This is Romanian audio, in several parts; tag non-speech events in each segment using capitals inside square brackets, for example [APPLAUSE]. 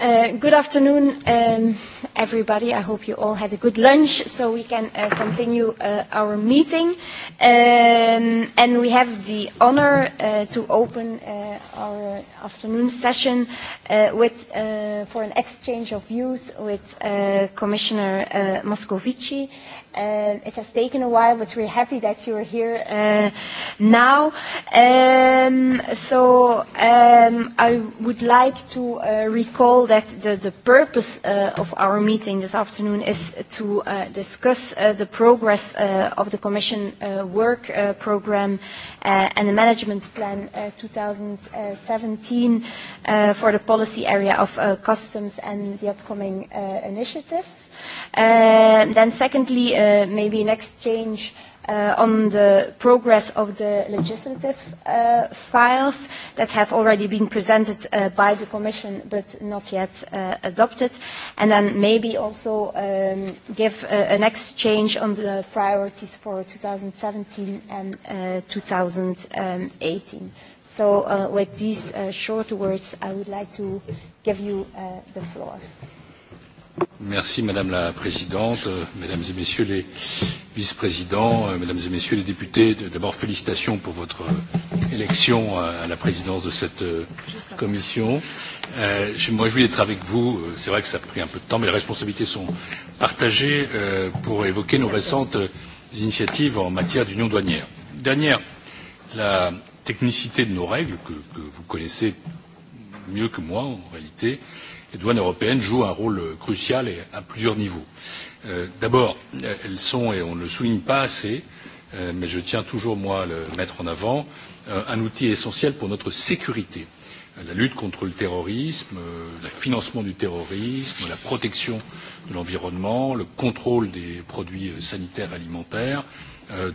Uh, good afternoon, um, everybody. I hope you all had a good lunch so we can uh, continue uh, our meeting. Um, and we have the honor uh, to open uh, our afternoon session uh, with, uh, for an exchange of views with uh, Commissioner uh, Moscovici Uh, it has taken a while, but we're happy that you are here uh, now. Um, so um, I would like to uh, recall that the, the purpose uh, of our meeting this afternoon is to uh, discuss uh, the progress uh, of the Commission uh, work uh, program uh, and the management plan uh, 2017 uh, for the policy area of uh, customs and the upcoming uh, initiatives. Uh, then secondly, uh, maybe an exchange uh, on the progress of the legislative uh, files that have already been presented uh, by the Commission but not yet uh, adopted, and then maybe also um, give uh, an exchange on the priorities for 2017 and uh, 2018. So uh, with these uh, short words, I would like to give you uh, the floor. Merci Madame la Présidente, euh, Mesdames et Messieurs les vice-présidents, euh, Mesdames et Messieurs les députés. D'abord, félicitations pour votre euh, élection à la présidence de cette commission. Je me réjouis d'être avec vous. C'est vrai que ça a pris un peu de temps, mais les responsabilités sont partagées pour évoquer nos récentes initiatives en matière d'union douanière. Dernière, la technicité de nos règles, que, que vous connaissez mieux que moi en réalité, euh, les douanes européennes jouent un rôle euh, crucial et à plusieurs niveaux. Euh, d'abord, euh, elles sont, et on ne le souligne pas assez, mais je tiens toujours moi à le mettre en avant, un outil essentiel pour notre sécurité la lutte contre le terrorisme, le financement du terrorisme, la protection de l'environnement, le contrôle des produits sanitaires et alimentaires,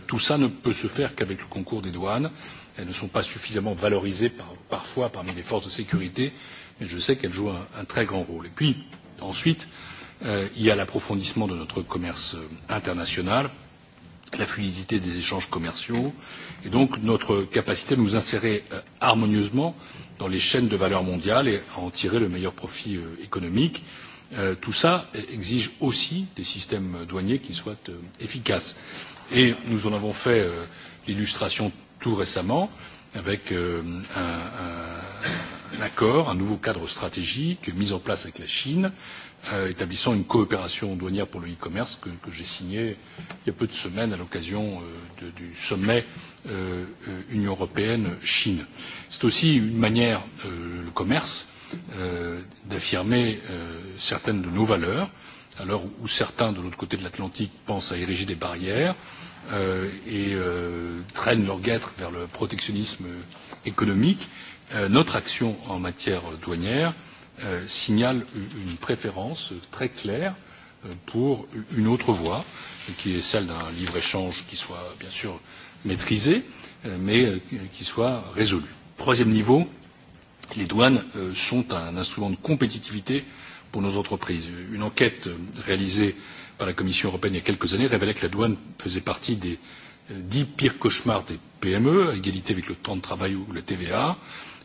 tout cela ne peut se faire qu'avec le concours des douanes. Elles ne sont pas suffisamment valorisées par, parfois parmi les forces de sécurité mais je sais qu'elle joue un, un très grand rôle. Et puis, ensuite, euh, il y a l'approfondissement de notre commerce euh, international, la fluidité des échanges commerciaux, et donc notre capacité à nous insérer euh, harmonieusement dans les chaînes de valeur mondiale et à en tirer le meilleur profit euh, économique. Euh, tout ça exige aussi des systèmes euh, douaniers qui soient euh, efficaces. Et nous en avons fait euh, l'illustration tout récemment avec euh, un, un, un accord, un nouveau cadre stratégique mis en place avec la Chine, euh, établissant une coopération douanière pour le e-commerce que, que j'ai signé il y a peu de semaines à l'occasion euh, du sommet euh, euh, Union européenne-Chine. C'est aussi une manière, euh, le commerce, euh, d'affirmer euh, certaines de nos valeurs, à l'heure où certains de l'autre côté de l'Atlantique pensent à ériger des barrières euh, et euh, traînent leur guêtre vers le protectionnisme euh, économique. Euh, notre action en matière douanière euh, signale une préférence très claire euh, pour une autre voie qui est celle d'un libre échange qui soit bien sûr maîtrisé mais qui soit résolu. troisième niveau les douanes sont un instrument de compétitivité pour nos entreprises. une enquête réalisée par la commission européenne il y a quelques années révélait que la douane faisait partie des dit pires cauchemars des PME, à égalité avec le temps de travail ou la TVA.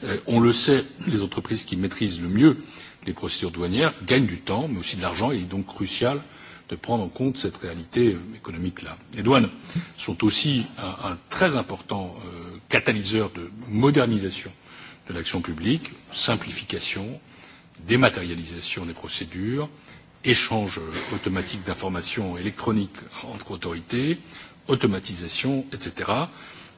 Euh, on le sait, les entreprises qui maîtrisent le mieux les procédures douanières gagnent du temps, mais aussi de l'argent, et il est donc crucial de prendre en compte cette réalité euh, économique-là. Les douanes sont aussi un, un très important euh, catalyseur de modernisation de l'action publique, simplification, dématérialisation des procédures, échange euh, automatique d'informations électroniques entre autorités, automatisation, etc.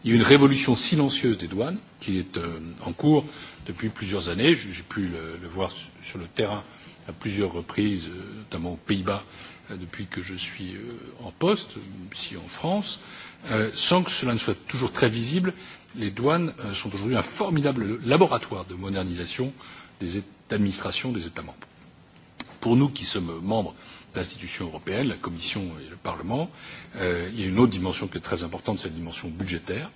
Il y a une révolution silencieuse des douanes qui est euh, en cours depuis plusieurs années. J'ai pu le, voir sur le terrain à plusieurs reprises, euh, notamment aux Pays-Bas, euh, depuis que je suis en poste, ici en France. Sans que cela ne soit toujours très visible, les douanes sont aujourd'hui un formidable laboratoire de modernisation des administrations des États membres. Pour nous qui sommes membres d'institutions européennes, la Commission et le Parlement. Euh, il y a une autre dimension qui est très importante, c'est la dimension budgétaire.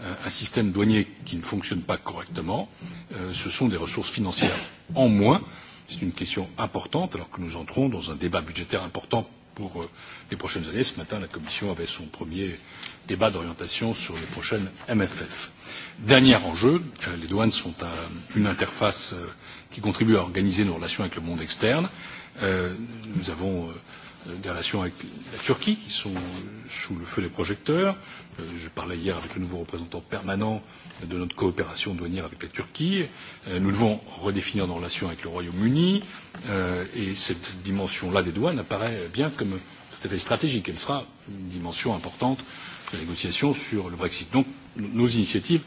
Euh, un système douanier qui ne fonctionne pas correctement, euh, ce sont des ressources financières en moins. C'est une question importante alors que nous entrons dans un débat budgétaire important pour euh, les prochaines années. Ce matin, la Commission avait son premier débat d'orientation sur les prochaines MFF. Dernier enjeu, euh, les douanes sont un, une interface euh, qui contribue à organiser nos relations avec le monde externe. Euh, nous avons euh, des relations avec la turquie qui sont euh, sous le feu des projecteurs je parlais hier avec le nouveau représentant permanent de notre coopération douanière avec la turquie nous devons redéfinir nos relations avec le royaume uni et cette dimension là des douanes apparaît bien comme tout à fait stratégique elle sera une dimension importante des négociations sur le brexit. donc nos initiatives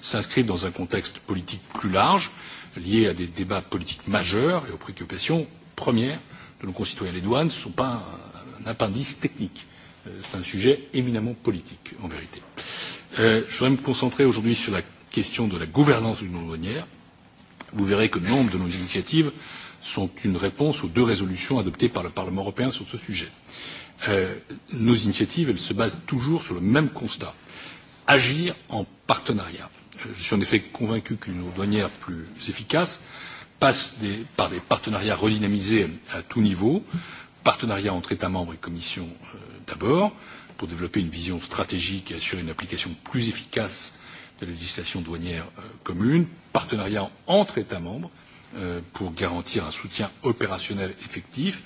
s'inscrivent dans un contexte politique plus large lié à des débats politiques majeurs et aux préoccupations première de nos concitoyens. les douanes ne sont pas un appendice technique euh, c'est un sujet éminemment politique en vérité. Euh, je voudrais me concentrer aujourd'hui sur la question de la gouvernance de l'union douanière. vous verrez que nombre de nos initiatives sont une réponse aux deux résolutions adoptées par le parlement européen sur ce sujet. Euh, nos initiatives elles se basent toujours sur le même constat agir en partenariat. je suis en effet convaincu qu'une union douanière plus efficace passe des, par des partenariats redynamisés à tout niveau, partenariats entre États membres et Commission euh, d'abord, pour développer une vision stratégique et assurer une application plus efficace de la législation douanière euh, commune, partenariats entre États membres euh, pour garantir un soutien opérationnel effectif,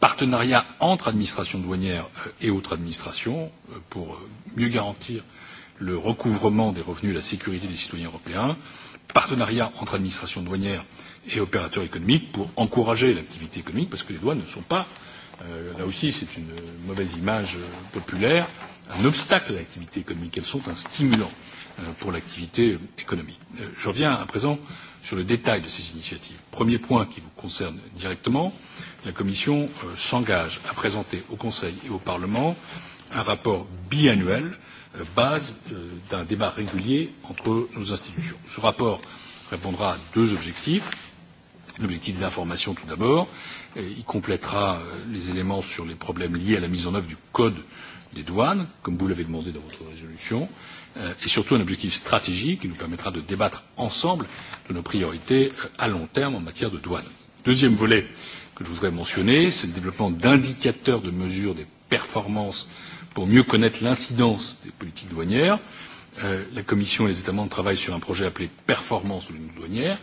partenariats entre administrations douanières euh, et autres administrations euh, pour euh, mieux garantir le recouvrement des revenus et la sécurité des citoyens européens, partenariats entre administrations douanières euh, et opérateurs économiques pour encourager l'activité économique parce que les douanes ne sont pas euh, là aussi c'est une mauvaise image euh, populaire un obstacle à l'activité économique elles sont un stimulant euh, pour l'activité économique. je reviens à présent sur le détail de ces initiatives. premier point qui vous concerne directement la commission s'engage à présenter au conseil et au parlement un rapport biannuel base d'un débat régulier entre nos institutions. ce rapport répondra à deux objectifs l'objectif de l'information tout d'abord euh, il complétera euh, les éléments sur les problèmes liés à la mise en œuvre du code des douanes comme vous l'avez demandé dans votre résolution euh, et surtout un objectif stratégique qui nous permettra de débattre ensemble de nos priorités à long terme en matière de douane. deuxième volet que je voudrais mentionner c'est le développement d'indicateurs de mesure des performances pour mieux connaître l'incidence des politiques douanières. la commission et les états membres travaillent sur un projet appelé performance de l'union douanière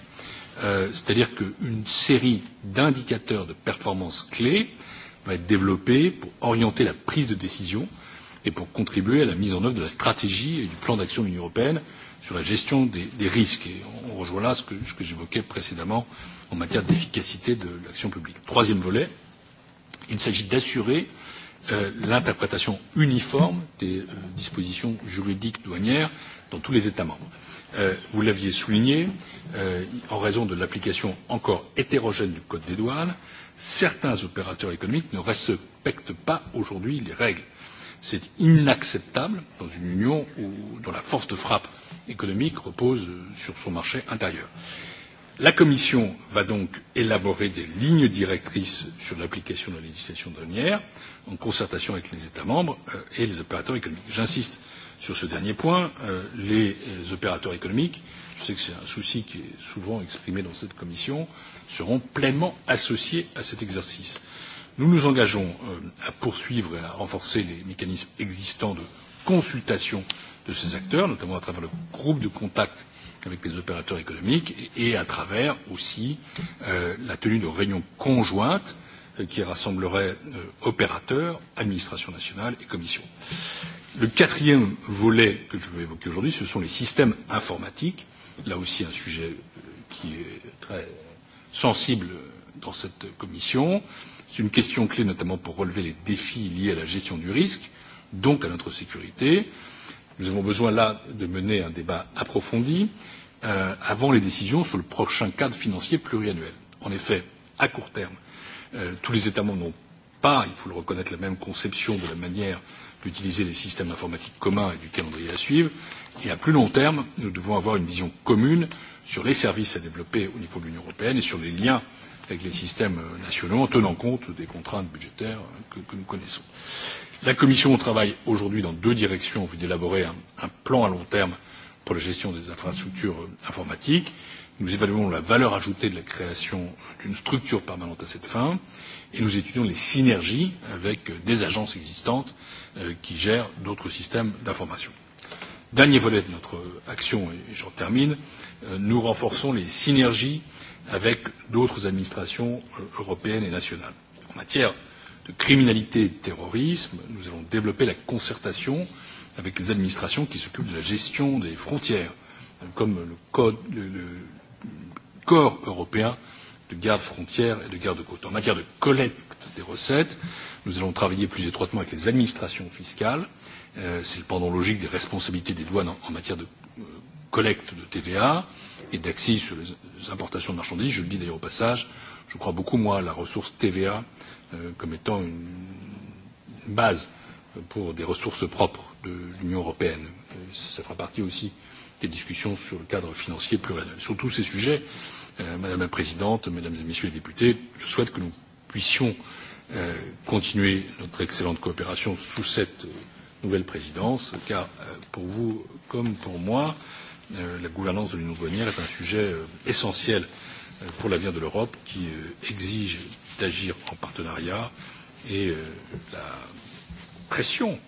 Euh, c'est à dire qu'une série d'indicateurs de performance clés va être développée pour orienter la prise de décision et pour contribuer à la mise en œuvre de la stratégie et du plan d'action de l'union européenne sur la gestion des, des risques et on rejoint là ce que, ce que j'évoquais précédemment en matière d'efficacité de l'action publique. troisième volet il s'agit d'assurer euh, l'interprétation uniforme des euh, dispositions juridiques douanières dans tous les états membres Euh, vous l'aviez souligné, euh, en raison de l'application encore hétérogène du code des douanes, certains opérateurs économiques ne respectent pas aujourd'hui les règles. C'est inacceptable dans une union où, dont la force de frappe économique repose sur son marché intérieur. La Commission va donc élaborer des lignes directrices sur l'application de la législation douanière en concertation avec les États membres euh, et les opérateurs économiques. J'insiste Sur ce dernier point, euh, les euh, opérateurs économiques, je sais que c'est un souci qui est souvent exprimé dans cette commission, seront pleinement associés à cet exercice. Nous nous engageons euh, à poursuivre et à renforcer les mécanismes existants de consultation de ces acteurs, notamment à travers le groupe de contact avec les opérateurs économiques et à travers aussi la tenue de réunions conjointes qui rassembleraient opérateurs, administration nationale et commission. Le quatrième volet que je veux évoquer aujourd'hui, ce sont les systèmes informatiques. Là aussi, un sujet euh, qui est très sensible dans cette commission. C'est une question clé notamment pour relever les défis liés à la gestion du risque, donc à notre sécurité. Nous avons besoin là de mener un débat approfondi euh, avant les décisions sur le prochain cadre financier pluriannuel. En effet, à court terme, euh, tous les États membres n'ont pas, il faut le reconnaître, la même conception de la manière euh, d'utiliser les systèmes informatiques communs et du calendrier à suivre et à plus long terme nous devons avoir une vision commune sur les services à développer au niveau de l'union européenne et sur les liens avec les systèmes euh, nationaux en tenant compte des contraintes budgétaires euh, que, que nous connaissons. la commission travaille aujourd'hui dans deux directions en vue d'élaborer un, un plan à long terme pour la gestion des infrastructures euh, informatiques. nous évaluons la valeur ajoutée de la création d'une structure permanente à cette fin et nous étudions les synergies avec des agences existantes Euh, qui gèrent d'autres systèmes d'information. Dernier volet de notre action, et j'en termine, euh, nous renforçons les synergies avec d'autres administrations euh, européennes et nationales. En matière de criminalité et de terrorisme, nous allons développer la concertation avec les administrations qui s'occupent de la gestion des frontières, comme le, code, le, le corps européen de garde frontières et de garde côtes. En matière de collecte des recettes, Nous allons travailler plus étroitement avec les administrations fiscales. Euh, c'est le pendant logique des responsabilités des douanes en matière de euh, collecte de TVA et d'accès sur les importations de marchandises. Je le dis d'ailleurs au passage, je crois beaucoup, moins à la ressource TVA euh, comme étant une base pour des ressources propres de l'Union européenne. Ça fera partie aussi des discussions sur le cadre financier pluriannuel. Sur tous ces sujets, Madame la Présidente, Mesdames et Messieurs les députés, je souhaite que nous puissions euh, Euh, continuer notre excellente coopération sous cette euh, nouvelle présidence car euh, pour vous comme pour moi la gouvernance de l'union douanière est un sujet essentiel pour l'avenir de l'europe qui exige d'agir en partenariat et la pression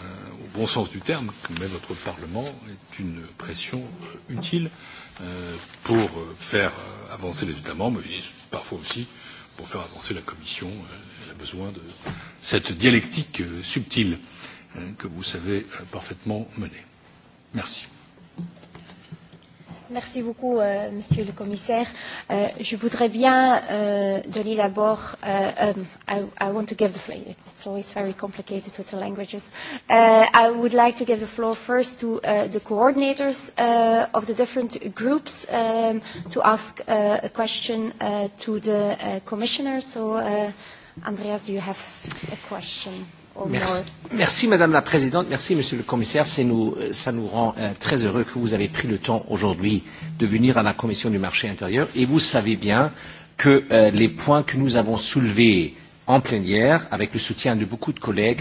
au bon sens du terme que met votre parlement est une pression utile pour faire avancer les états membres et parfois aussi pour faire avancer la Commission, euh, elle a besoin de cette dialectique euh, subtile euh, que vous savez parfaitement mener. Merci. Merci beaucoup, euh, Monsieur le Commissaire. Euh, je voudrais bien euh, donner d'abord. Uh, um, I, I want to give the floor. It's always very complicated with the languages. Uh, I would like to give the floor first to uh, the coordinators uh, of the different groups um, to ask uh, a question uh, to the uh, Commissioner. So, uh, Andreas, you have a question or merci, more. Merci Madame la Présidente, merci Monsieur le Commissaire. Nous, euh, ça nous rend euh, très heureux que vous avez pris le temps aujourd'hui de venir à la Commission du marché intérieur et vous savez bien que euh, les points que nous avons soulevés en plénière, avec le soutien de beaucoup de collègues,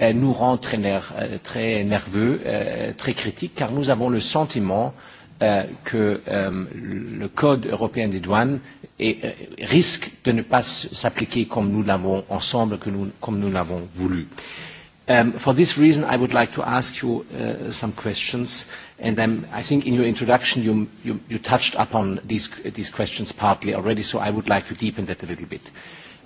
euh, nous rend très, ner euh, très nerveux, euh, très critiques, car nous avons le sentiment euh, que euh, le Code européen des douanes et euh, risque de ne pas s'appliquer comme nous l'avons ensemble, que nous, comme nous l'avons voulu. Um, for this reason, I would like to ask you uh, some questions, and um, I think in your introduction you, you, you touched upon these, these questions partly already, so I would like to deepen that a little bit. Uh,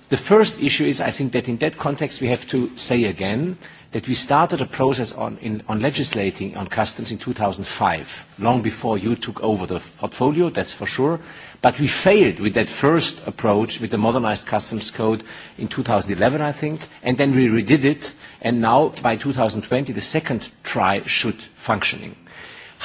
The first issue is, I think, that in that context we have to say again that we started a process on, in, on legislating on customs in 2005, long before you took over the portfolio, that's for sure. But we failed with that first approach with the modernized customs code in 2011, I think, and then we redid it, and now by 2020 the second try should functioning.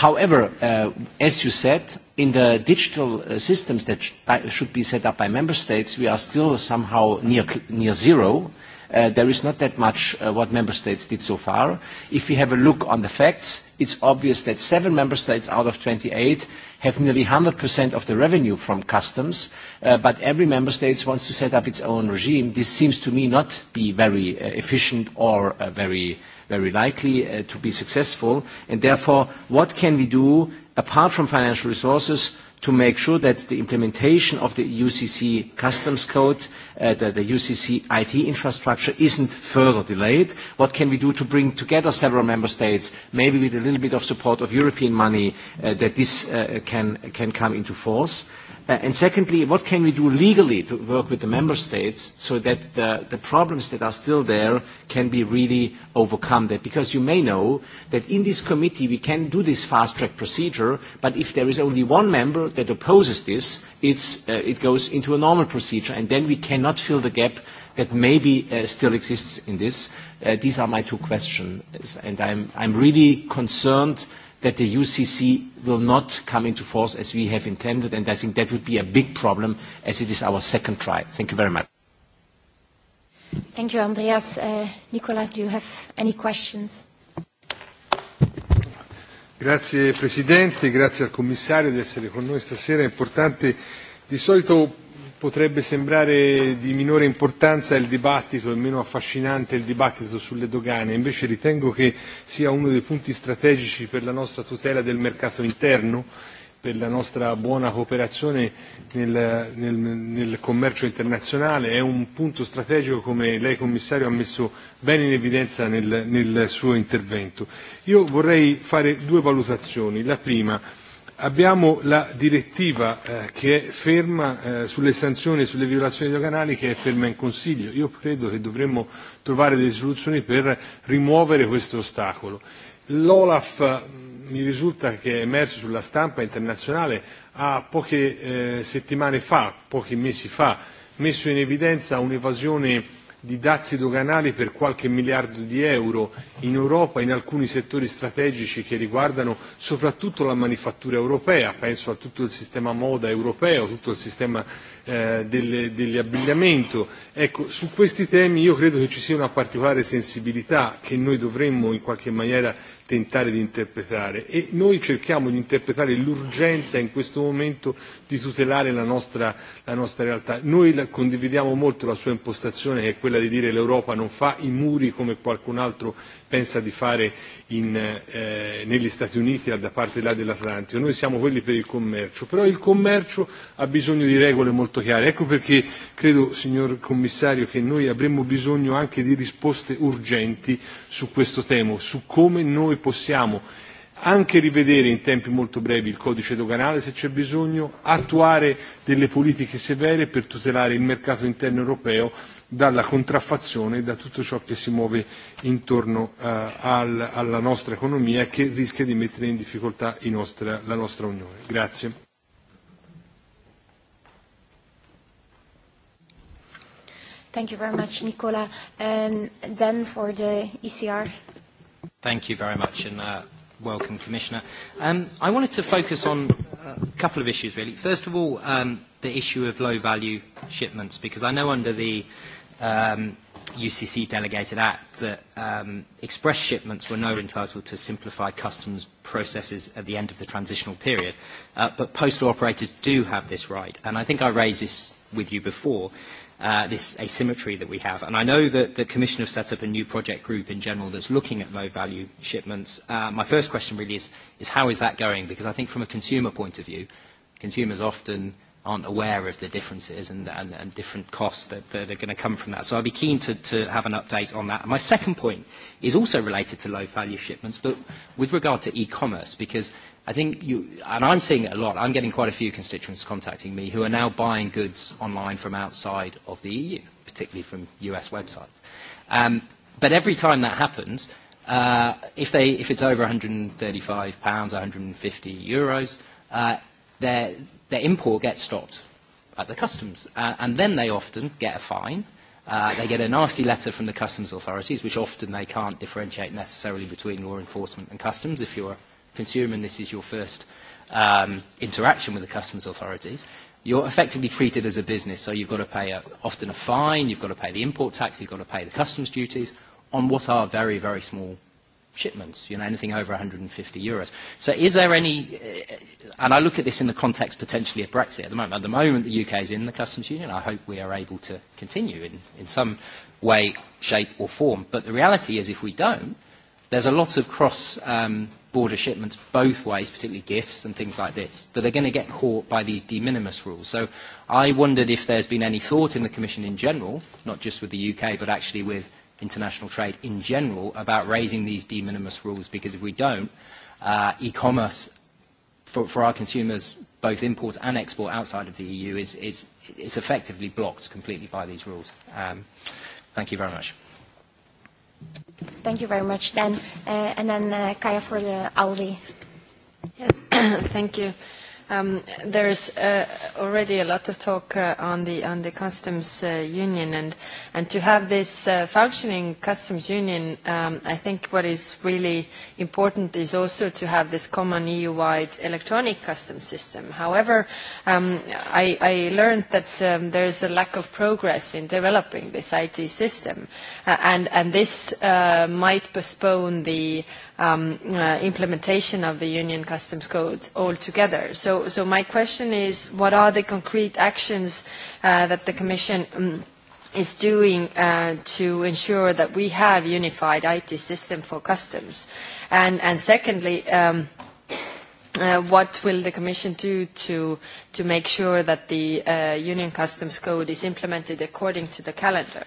However, uh, as you said, in the digital uh, systems that sh should be set up by member states, we are still somehow near, near zero. Uh, there is not that much uh, what member states did so far. If we have a look on the facts, it's obvious that seven member states out of 28 have nearly 100% of the revenue from customs, uh, but every member state wants to set up its own regime. This seems to me not be very uh, efficient or very very likely uh, to be successful. And therefore, what can we do apart from financial resources to make sure that the implementation of the UCC customs code, uh, the, the UCC IT infrastructure isn't further delayed? What can we do to bring together several member states, maybe with a little bit of support of European money, uh, that this uh, can, can come into force? Uh, and secondly, what can we do legally to work with the member states so that the, the problems that are still there can be really overcome that? Because you may know that in this committee we can do this fast-track procedure, but if there is only one member that opposes this, it's, uh, it goes into a normal procedure, and then we cannot fill the gap that maybe uh, still exists in this. Uh, these are my two questions, and I'm, I'm really concerned that the UCC will not come into force as we have intended, and I think that would be a big problem as it is our second try. Thank you very much. Thank you, Andreas. Uh, Nicola, do you have any questions? Grazie Presidente, grazie al Commissario di essere con noi stasera. È importante, di solito potrebbe sembrare di minore importanza il dibattito e meno affascinante il dibattito sulle dogane, invece ritengo che sia uno dei punti strategici per la nostra tutela del mercato interno, per la nostra buona cooperazione nel, nel, nel commercio internazionale, è un punto strategico come lei commissario ha messo bene in evidenza nel, nel suo intervento. Io vorrei fare due valutazioni. La prima, Abbiamo la direttiva eh, che è ferma eh, sulle sanzioni e sulle violazioni dei canali che è ferma in Consiglio. Io credo che dovremmo trovare delle soluzioni per rimuovere questo ostacolo. L'Olaf mm, mi risulta che è emerso sulla stampa internazionale ha poche eh, settimane fa, pochi mesi fa, messo in evidenza un'evasione eh, di dazi doganali per qualche miliardo di euro in Europa in alcuni settori strategici che riguardano soprattutto la manifattura europea, penso a tutto il sistema moda europeo, tutto il sistema eh, dell'abbigliamento. Ecco, su questi temi io credo che ci sia una particolare sensibilità che noi dovremmo in qualche maniera tentare di interpretare e noi cerchiamo di interpretare l'urgenza in questo momento di tutelare la nostra, la nostra realtà. Noi la, condividiamo molto la sua impostazione che è quella di dire l'Europa non fa i muri come qualcun altro pensa di fare in, eh, negli Stati Uniti da parte là dell'Atlantico. Noi siamo quelli per il commercio, però il commercio ha bisogno di regole molto chiare. Ecco perché credo, signor Commissario, che noi avremmo bisogno anche di risposte urgenti su questo tema, su come noi possiamo anche rivedere in tempi molto brevi il codice doganale se c'è bisogno, attuare delle politiche severe per tutelare il mercato interno europeo dalla contraffazione e da tutto ciò che si muove intorno eh, al, alla nostra economia e che rischia di mettere in difficoltà i nostra, la nostra Unione. Grazie. Thank you very much, Nicola. And um, then for the ECR. Thank you very much and uh, welcome, Commissioner. Um, I wanted to focus on a couple of issues, really. First of all, um, the issue of low-value shipments, because I know under the um, UCC delegated act that um, express shipments were not entitled to simplify customs processes at the end of the transitional period. Uh, but postal operators do have this right. And I think I raised this with you before, uh, this asymmetry that we have. And I know that the Commission have set up a new project group in general that's looking at low-value shipments. Uh, my first question really is, is how is that going? Because I think from a consumer point of view, consumers often – aren't aware of the differences and, and, and different costs that, that are going to come from that. So I'd be keen to, to have an update on that. And my second point is also related to low-value shipments, but with regard to e-commerce, because I think you, and I'm seeing it a lot, I'm getting quite a few constituents contacting me who are now buying goods online from outside of the EU, particularly from US websites. Um, but every time that happens, uh, if, they, if it's over 135 pounds, 150 euros, uh, they're, their import gets stopped at the customs. Uh, and then they often get a fine. Uh, they get a nasty letter from the customs authorities, which often they can't differentiate necessarily between law enforcement and customs. If you're a consumer and this is your first um, interaction with the customs authorities, you're effectively treated as a business. So you've got to pay a, often a fine, you've got to pay the import tax, you've got to pay the customs duties on what are very, very small shipments, you know, anything over 150 euros. So is there any, uh, and I look at this in the context potentially of Brexit at the moment. At the moment, the UK is in the customs union. I hope we are able to continue in, in some way, shape or form. But the reality is if we don't, there's a lot of cross-border um, shipments both ways, particularly gifts and things like this, that are going to get caught by these de minimis rules. So I wondered if there's been any thought in the Commission in general, not just with the UK, but actually with international trade in general about raising these de minimis rules because if we don't, uh, e-commerce for, for our consumers, both import and export outside of the EU, is, is, is effectively blocked completely by these rules. Um, thank you very much. Thank you very much, Dan. Uh, and then uh, Kaya for the Audi. Yes, [COUGHS] thank you. Um, there's uh, already a lot of talk uh, on the on the customs uh, union, and and to have this uh, functioning customs union, um, I think what is really important is also to have this common EU-wide electronic customs system. However, um, I, I learned that um, there is a lack of progress in developing this IT system, uh, and and this uh, might postpone the Um, uh, implementation of the Union Customs Code altogether. So, so my question is, what are the concrete actions uh, that the Commission um, is doing uh, to ensure that we have unified IT system for customs? And, and secondly, um, Uh, what will the Commission do to, to make sure that the uh, Union Customs Code is implemented according to the calendar?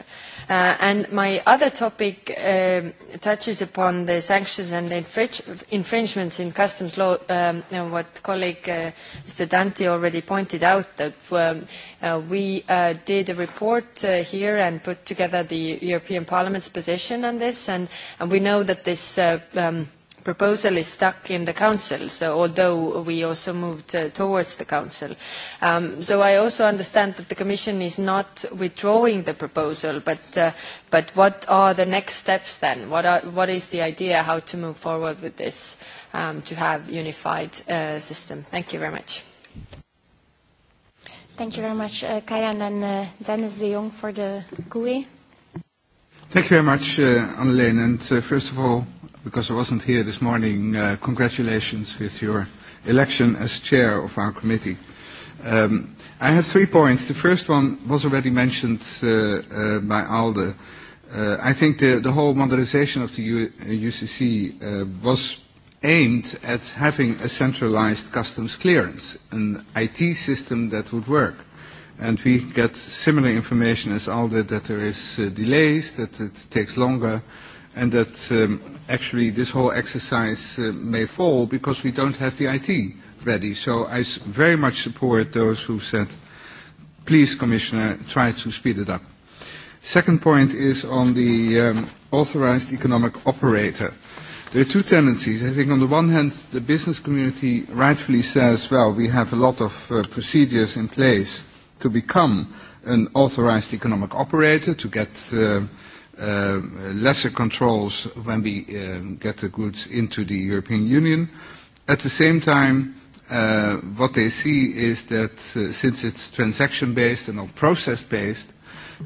Uh, and my other topic um, touches upon the sanctions and infringements in customs law, um, and what colleague uh, Mr. Dante already pointed out, that um, uh, we uh, did a report uh, here and put together the European Parliament's position on this, and, and we know that this uh, um, proposal is stuck in the council, so although we also moved uh, towards the council. Um, so I also understand that the commission is not withdrawing the proposal, but, uh, but what are the next steps then? What, are, what is the idea how to move forward with this um, to have unified uh, system? Thank you very much. Thank you very much, uh, Kaya, and uh, Dennis de Jong for the GUI. Thank you very much, uh, Annelien, and uh, first of all, because I wasn't here this morning, uh, congratulations with your election as chair of our committee. Um, I have three points. The first one was already mentioned uh, uh, by Alde. Uh, I think the, the whole modernization of the U UCC uh, uh, was aimed at having a centralized customs clearance, an IT system that would work. And we get similar information as Alde that there is uh, delays, that it takes longer, uh, and that um, actually this whole exercise uh, may fall because we don't have the IT ready. So I very much support those who said, please, Commissioner, try to speed it up. Second point is on the um, authorized economic operator. There are two tendencies. I think on the one hand, the business community rightfully says, well, we have a lot of uh, procedures in place to become an authorized economic operator, to get uh, uh, lesser controls when we uh, get the goods into the European Union. At the same time, uh, what they see is that uh, since it's transaction-based and not process-based,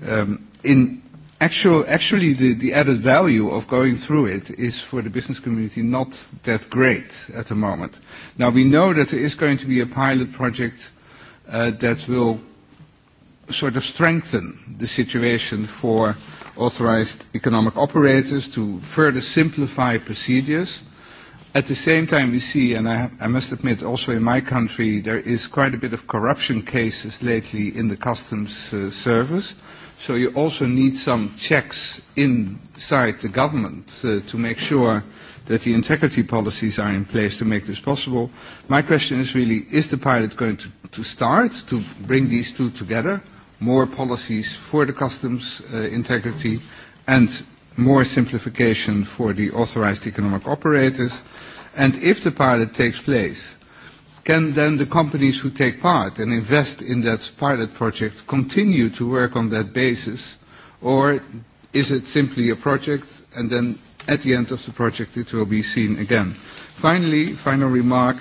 um, in actual, actually the, the added value of going through it is for the business community not that great at the moment. Now we know that there is going to be a pilot project uh, that will sort of strengthen the situation for authorized economic operators to further simplify procedures. At the same time, we see, and I, I must admit, also in my country, there is quite a bit of corruption cases lately in the customs uh, service. So you also need some checks inside the government uh, to make sure that the integrity policies are in place to make this possible. My question is really, is the pilot going to, to start to bring these two together? more policies for the customs uh, integrity and more simplification for the authorized economic operators? And if the pilot takes place, can then the companies who take part and invest in that pilot project continue to work on that basis? Or is it simply a project and then at the end of the project it will be seen again? Finally, final remark,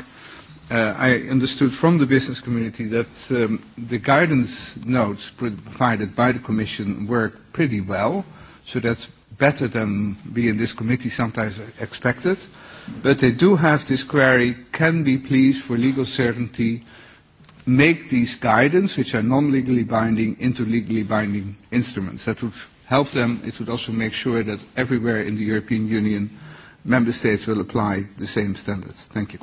Uh, I understood from the business community that um, the guidance notes provided by the Commission work pretty well, so that's better than we in this committee sometimes expected. But they do have this query, can we please, for legal certainty, make these guidance, which are non-legally binding, into legally binding instruments? That would help them. It would also make sure that everywhere in the European Union, member states will apply the same standards. Thank you.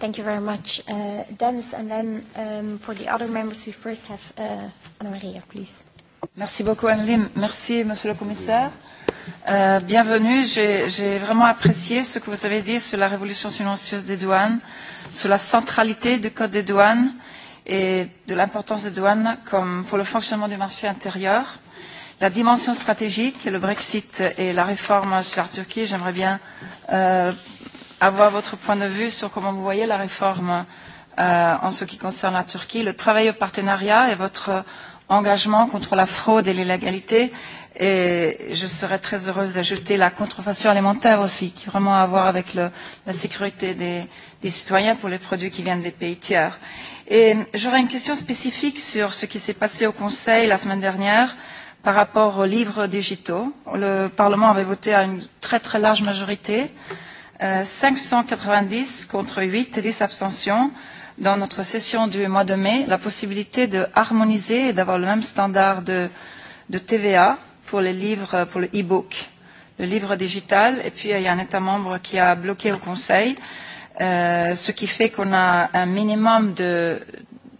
Thank you very much, uh, Dennis. And then um, for the other members, we first have uh, Anna-Maria, please. Merci beaucoup, Anneline. Merci, Monsieur le Commissaire. Euh, bienvenue. J'ai vraiment apprécié ce que vous avez dit sur la révolution silencieuse des douanes, sur la centralité du Code des douanes et de l'importance des douanes comme pour le fonctionnement du marché intérieur. La dimension stratégique, le Brexit et la réforme sur la Turquie, j'aimerais bien euh, avoir votre point de vue sur comment vous voyez la réforme euh, en ce qui concerne la Turquie, le travail au partenariat et votre engagement contre la fraude et l'illégalité. Et je serais très heureuse d'ajouter la contrefaçon alimentaire aussi, qui a vraiment à voir avec le, la sécurité des, des citoyens pour les produits qui viennent des pays tiers. Et j'aurais une question spécifique sur ce qui s'est passé au Conseil la semaine dernière par rapport aux livres digitaux. Le Parlement avait voté à une très très large majorité. Euh, 590 euh, contre 8 et 10 abstentions dans notre session du mois de mai la possibilité de harmoniser et d'avoir le même standard de, de TVA pour les livres, pour le e-book, le livre digital. Et puis, il y a un État membre qui a bloqué au Conseil, euh, ce qui fait qu'on a un minimum de,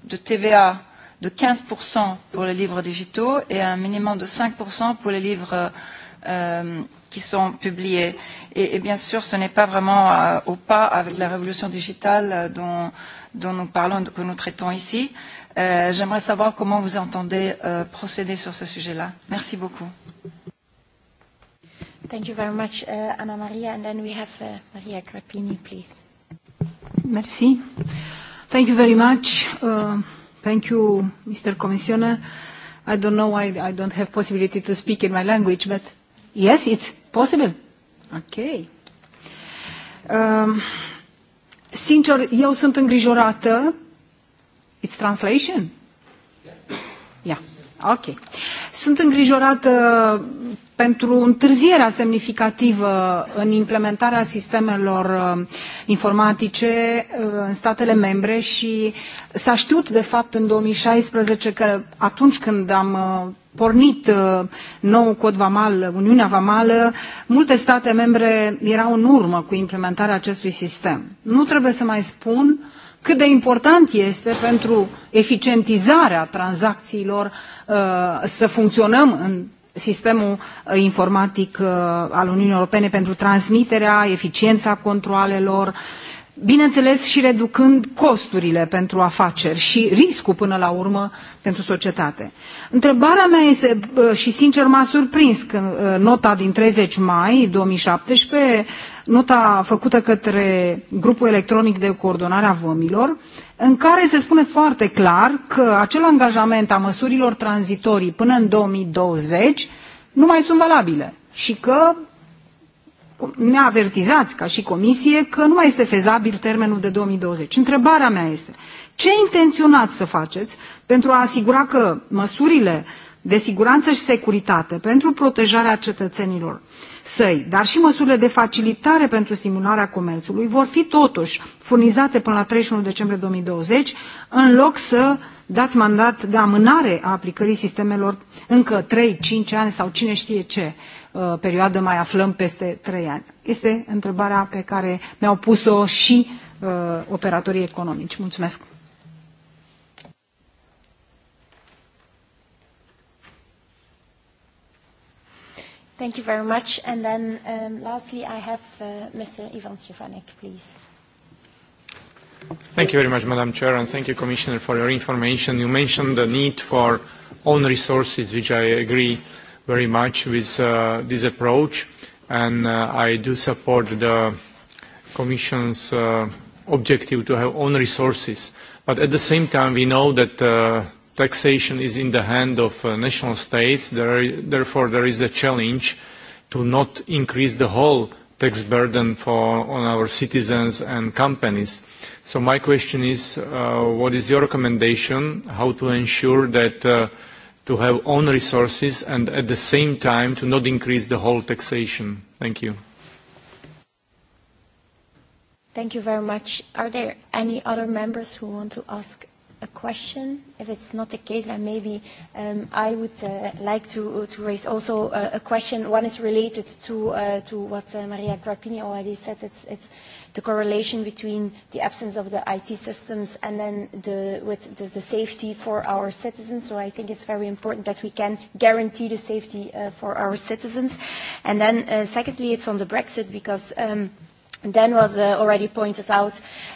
de TVA de 15% pour les livres digitaux et un minimum de 5% pour les livres euh, qui sont publiés. Et, et bien sûr, ce n'est pas vraiment euh, au pas avec la révolution digitale euh, dont, dont nous parlons, que nous traitons ici. Euh, J'aimerais savoir comment vous entendez euh, procéder sur ce sujet-là. Merci beaucoup. Thank you very much, uh, Anna Maria. And then we have uh, Maria Crapini, please. Merci. Thank you very much. Uh, thank you, Mr. Commissioner. I don't know why I don't have possibility to speak in my language, but yes, it's Posibil? Ok. Uh, sincer, eu sunt îngrijorată. It's translation? Yeah. Ok. Sunt îngrijorată pentru întârzierea semnificativă în implementarea sistemelor uh, informatice uh, în statele membre și s-a știut de fapt în 2016 că atunci când am uh, pornit nou cod vamal, Uniunea Vamală, multe state membre erau în urmă cu implementarea acestui sistem. Nu trebuie să mai spun uh, cât de important este pentru eficientizarea tranzacțiilor uh, să funcționăm în sistemul uh, informatic uh, al Uniunii Europene pentru transmiterea, eficiența controalelor, bineînțeles și reducând costurile pentru afaceri și riscul până la urmă pentru societate. Întrebarea mea este și sincer m-a surprins că nota din 30 mai 2017, nota făcută către grupul electronic de coordonare a vămilor, în care se spune foarte clar că acel angajament a măsurilor tranzitorii până în 2020 nu mai sunt valabile și că ne avertizați ca și comisie că nu mai este fezabil termenul de 2020. Întrebarea mea este, ce intenționați să faceți pentru a asigura că măsurile de siguranță și securitate pentru protejarea cetățenilor săi, dar și măsurile de facilitare pentru stimularea comerțului vor fi totuși furnizate până la 31 decembrie 2020, în loc să dați mandat de amânare a aplicării sistemelor încă 3-5 ani sau cine știe ce. Uh, perioadă mai aflăm peste trei ani? Este întrebarea pe care mi-au pus-o și uh, operatorii economici. Mulțumesc! Thank you very much. And then um, lastly, I have uh, Mr. Ivan Stefanik, please. Thank you very much, Madam Chair, and thank you, Commissioner, for your information. You mentioned the need for own resources, which I agree very much with uh, this approach, and uh, I do support the Commission's uh, objective to have own resources. But at the same time, we know that uh, taxation is in the hand of uh, national states. There, therefore, there is the challenge to not increase the whole tax burden for, on our citizens and companies. So my question is, uh, what is your recommendation, how to ensure that uh, to have own resources and at the same time to not increase the whole taxation. Thank you. Thank you very much. Are there any other members who want to ask a question? If it's not the case, then maybe um, I would uh, like to, to raise also a, a question. One is related to, uh, to what uh, Maria Grappini already said. It's, it's the correlation between the absence of the IT systems and then the, with the, the safety for our citizens. So I think it's very important that we can guarantee the safety uh, for our citizens. And then uh, secondly, it's on the Brexit because um, Dan was uh, already pointed out,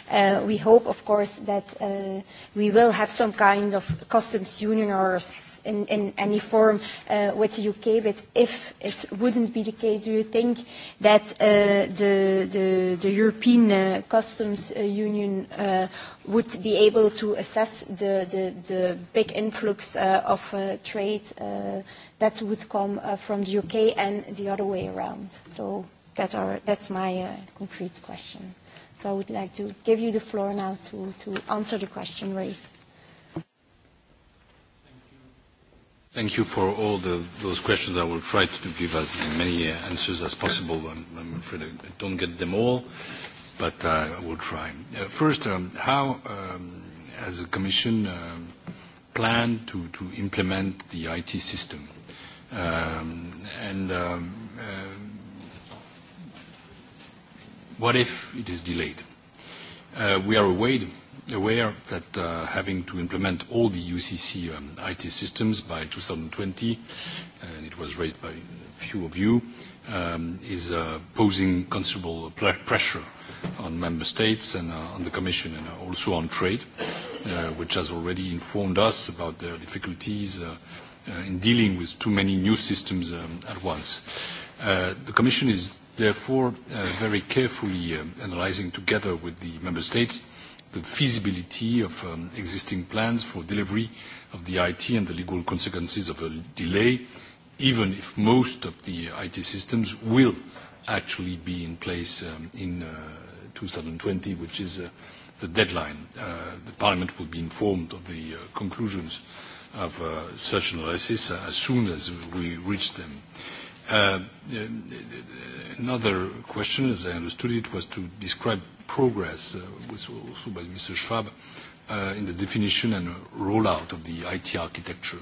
uh, we hope, of course, that uh, we will have some kind of customs union or in, in any form uh, with the UK, but if it wouldn't be the case, do you think that uh, the, the, the European uh, Customs uh, Union uh, would be able to assess the, the, the big influx uh, of uh, trade uh, that would come uh, from the UK and the other way around? So that are, that's my uh, concrete question. So I would like to give you the floor now to, to answer the question raised. Thank you for all the, those questions. I will try to give as many uh, answers as possible. I'm, I'm afraid I don't get them all, but uh, I will try. Uh, first, um, how, um, as a commission, um, plan to, to implement the IT system? Um, and um, uh, what if it is delayed? Uh, we are aware aware that uh, having to implement all the UCC um, IT systems by 2020, and it was raised by a few of you, um, is uh, posing considerable pressure on member states and uh, on the Commission and uh, also on trade, uh, which has already informed us about their difficulties uh, in dealing with too many new systems um, at once. The Commission is therefore very carefully um, analyzing together with the member states the feasibility of um, existing plans for delivery of the IT and the legal consequences of a delay, even if most of the IT systems will actually be in place um, in 2020, uh, which is uh, the deadline. Uh, the Parliament will be informed of the conclusions of such analysis as soon as we reach them. Um, another question, as I understood it, was to describe progress, uh, with, also uh, by Mr. Schwab, uh, in the definition and rollout of the IT architecture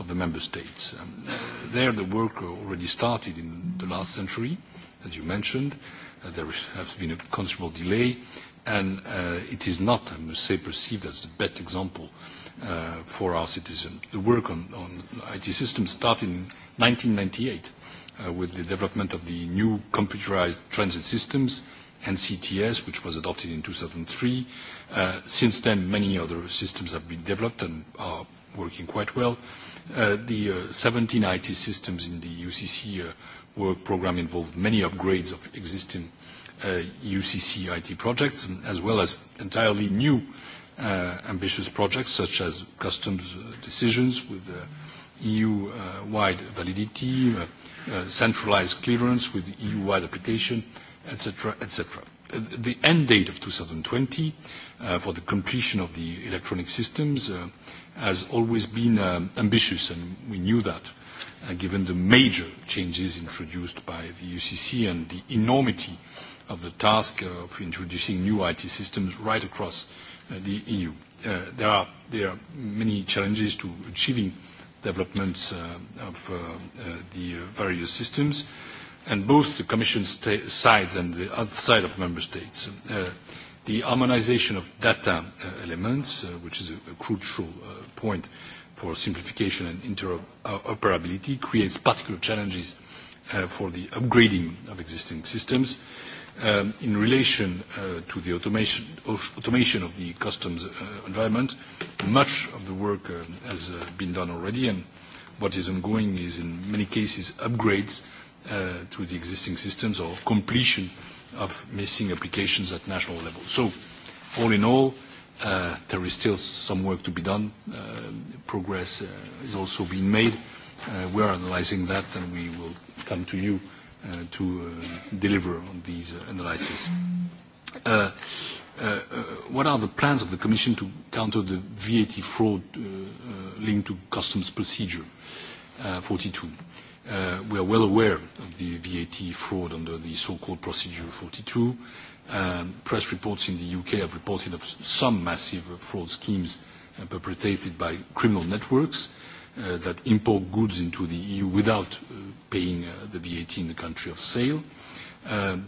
of the member states. Um, there, the work already started in the last century, as you mentioned. Uh, there has been a considerable delay, and uh, it is not, I must say, perceived as the best example uh, for our citizens. The work on, on IT systems started in 1998 with the development of the new computerized transit systems NCTS, which was adopted in 2003. Uh, since then, many other systems have been developed and are working quite well. Uh, the 17 uh, IT systems in the UCC work program involved many upgrades of existing UCC IT projects, as well as entirely new ambitious projects such as customs decisions with EU-wide validity, centralized clearance with EU-wide application, etc., etc. The end date of 2020 uh, for the completion of the electronic systems uh, has always been um, ambitious, and we knew that, uh, given the major changes introduced by the UCC and the enormity of the task of introducing new IT systems right across uh, the EU. Uh, there are, there are many challenges to achieving developments of the various systems and both the Commission sides and the other side of Member States. Uh, the harmonisation of data uh, elements, uh, which is a, crucial point for simplification and interoperability, creates particular challenges for the upgrading of existing systems. Um, in relation to the automation, automation of the customs environment, much of the work has been done already, and what is ongoing is in many cases upgrades uh, to the existing systems or completion of missing applications at national level. So, all in all, uh, there is still some work to be done. Uh, progress uh, is also being made. Uh, we are analyzing that and we will come to you uh, to uh, deliver on these uh, analyses. Uh, uh, uh, what are the plans of the Commission to counter the VAT fraud uh, uh, linked to customs procedure uh, 42? Uh, we are well aware of the VAT fraud under the so-called Procedure 42. Um, press reports in the UK have reported of some massive fraud schemes perpetrated by criminal networks uh, that import goods into the EU without uh, paying the VAT in the country of sale.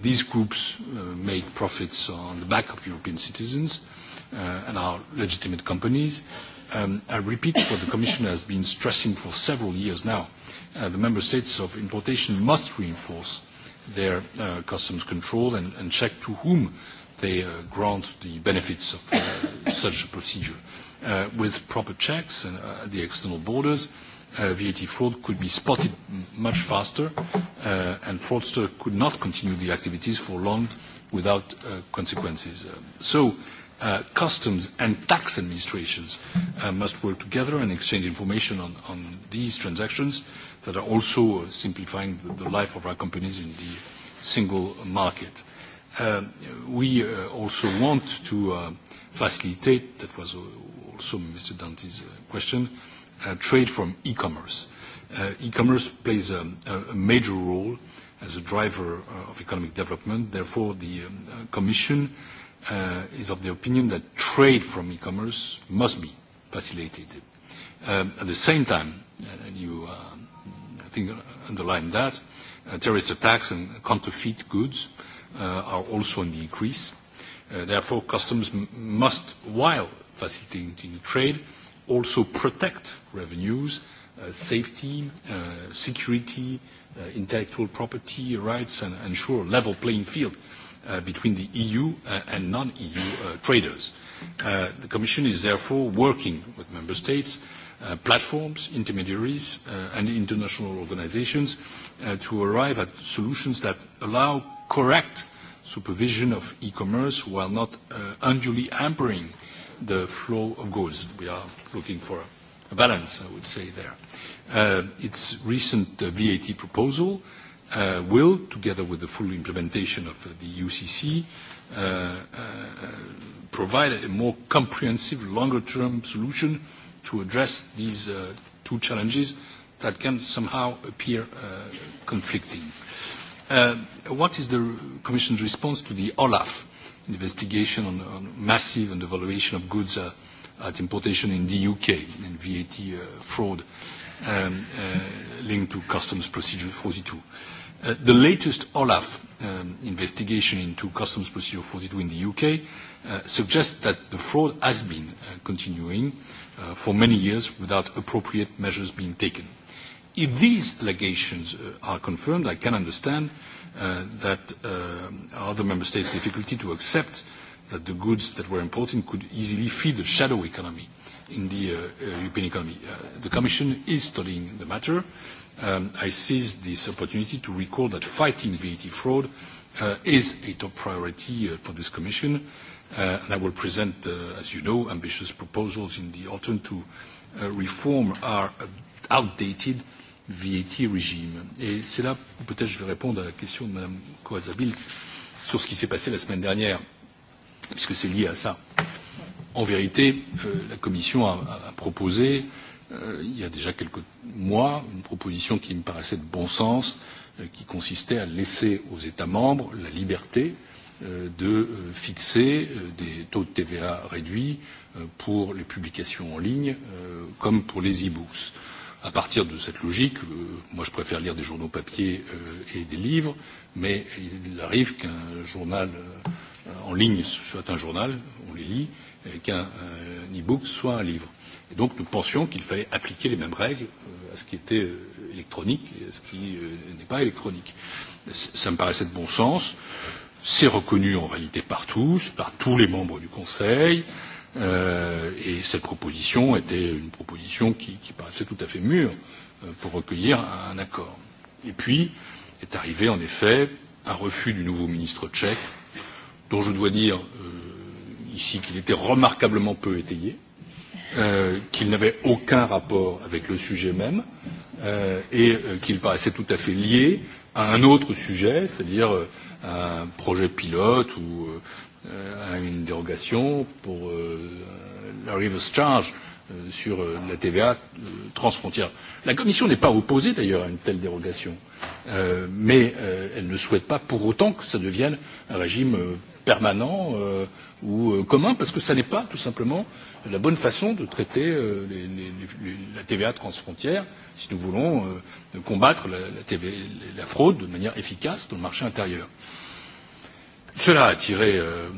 These groups make profits on the back of European citizens and are legitimate companies. Um, I repeat what the Commission has been stressing for several years now, Uh, the member states of importation must reinforce their uh, customs control and, check to whom they uh, grant the benefits of [COUGHS] such a procedure. with proper checks at the external borders, VAT fraud could be spotted much faster, and fraudster could not continue the activities for long without consequences. so, uh, customs and tax administrations uh, must work together and exchange information on, on these transactions that are also simplifying the life of our companies in the single market. Uh, we uh, also want to uh, facilitate, that was also Mr. Danti's question, trade from e-commerce. E-commerce plays a, major role as a driver of economic development. Therefore, the Commission is of the opinion that trade from e-commerce must be facilitated. at the same time, and you think, underline that. Uh, terrorist attacks and counterfeit goods uh, are also on the increase. Uh, therefore, customs must, while facilitating trade, also protect revenues, uh, safety, uh, security, uh, intellectual property rights, and ensure level playing field uh, between the EU uh, and non-EU uh, traders. Uh, the Commission is therefore working with Member States uh, Uh, platforms, intermediaries, uh, and international organizations uh, to arrive at solutions that allow correct supervision of e-commerce while not unduly hampering the flow of goods. We are looking for a balance, I would say, there. its recent VAT proposal will, together with the full implementation of the UCC, provide a more comprehensive, longer-term solution to address these uh, two challenges that can somehow appear uh, conflicting. Uh, what is the Commission's response to the OLAF investigation on, on massive and of goods uh, at importation in the UK and VAT uh, fraud um, uh, linked to customs procedure 42? Uh, the latest OLAF um, investigation into customs procedure 42 in the UK uh, suggests that the fraud has been uh, continuing uh, Uh, for many years without appropriate measures being taken. If these allegations uh, are confirmed, I can understand uh, that uh, other member states' difficulty to accept that the goods that were imported could easily feed the shadow economy in the uh, uh, European economy. Uh, the Commission is studying the matter. Um, I seize this opportunity to recall that fighting VAT fraud uh, is a top priority uh, for this Commission Uh, and I will present, uh, as you know, ambitious proposals in the autumn to uh, reform our outdated VAT regime. Et c'est là où peut-être je vais répondre à la question de Mme Coazabil sur ce qui s'est passé la semaine dernière, puisque c'est lié à ça. En vérité, euh, la Commission a, proposé, euh, il y a déjà quelques mois, une proposition qui me paraissait de bon sens, euh, qui consistait à laisser aux États membres la liberté Euh, de euh, fixer euh, des taux de TVA réduits pour les publications en ligne comme pour les e-books. À partir de cette logique, moi je préfère lire des journaux papier et des livres, mais il arrive qu'un journal en ligne soit un journal, on les lit, et qu'un e-book soit un livre. Et donc nous pensions qu'il fallait appliquer les mêmes règles à ce qui était électronique et à ce qui n'est pas électronique. Ça me paraissait de bon sens. Euh, c'est reconnu en réalité par tous, par tous les membres du Conseil, euh, et cette proposition était une proposition qui, qui paraissait tout à fait mûre euh, pour recueillir un, un accord. Et puis est arrivé en effet un refus du nouveau ministre tchèque, dont je dois dire euh, ici qu'il était remarquablement peu étayé, euh, qu'il n'avait aucun rapport avec le sujet même euh, et euh, qu'il paraissait tout à fait lié à un autre sujet, c'est-à-dire euh, à un projet pilote ou euh, à une dérogation pour euh, la reverse charge euh, sur la TVA transfrontière. La Commission n'est pas opposée d'ailleurs à une telle dérogation, mais elle ne souhaite pas pour autant que ça devienne un régime permanent ou commun, parce que ça n'est pas tout simplement euh, la bonne façon de traiter euh, les, les, les, la TVA transfrontière si nous voulons euh, combattre la, la, TVA, la fraude de manière efficace dans le marché intérieur. Cela a attiré euh,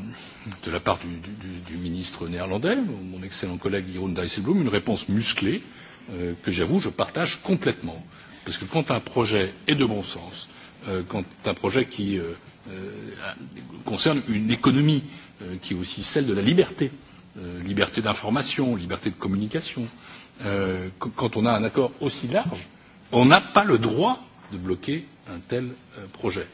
de la part du, du, du ministre néerlandais, mon excellent collègue Jeroen Dijsselbloem, une réponse musclée euh, que j'avoue je partage complètement. Parce que quand un projet est de bon sens, euh, quand un projet qui euh, euh, concerne une économie euh, qui est aussi celle de la liberté, euh, Euh, liberté d'information, liberté de communication. Euh, quand on a un accord aussi large, on n'a pas le droit de bloquer un tel euh, projet.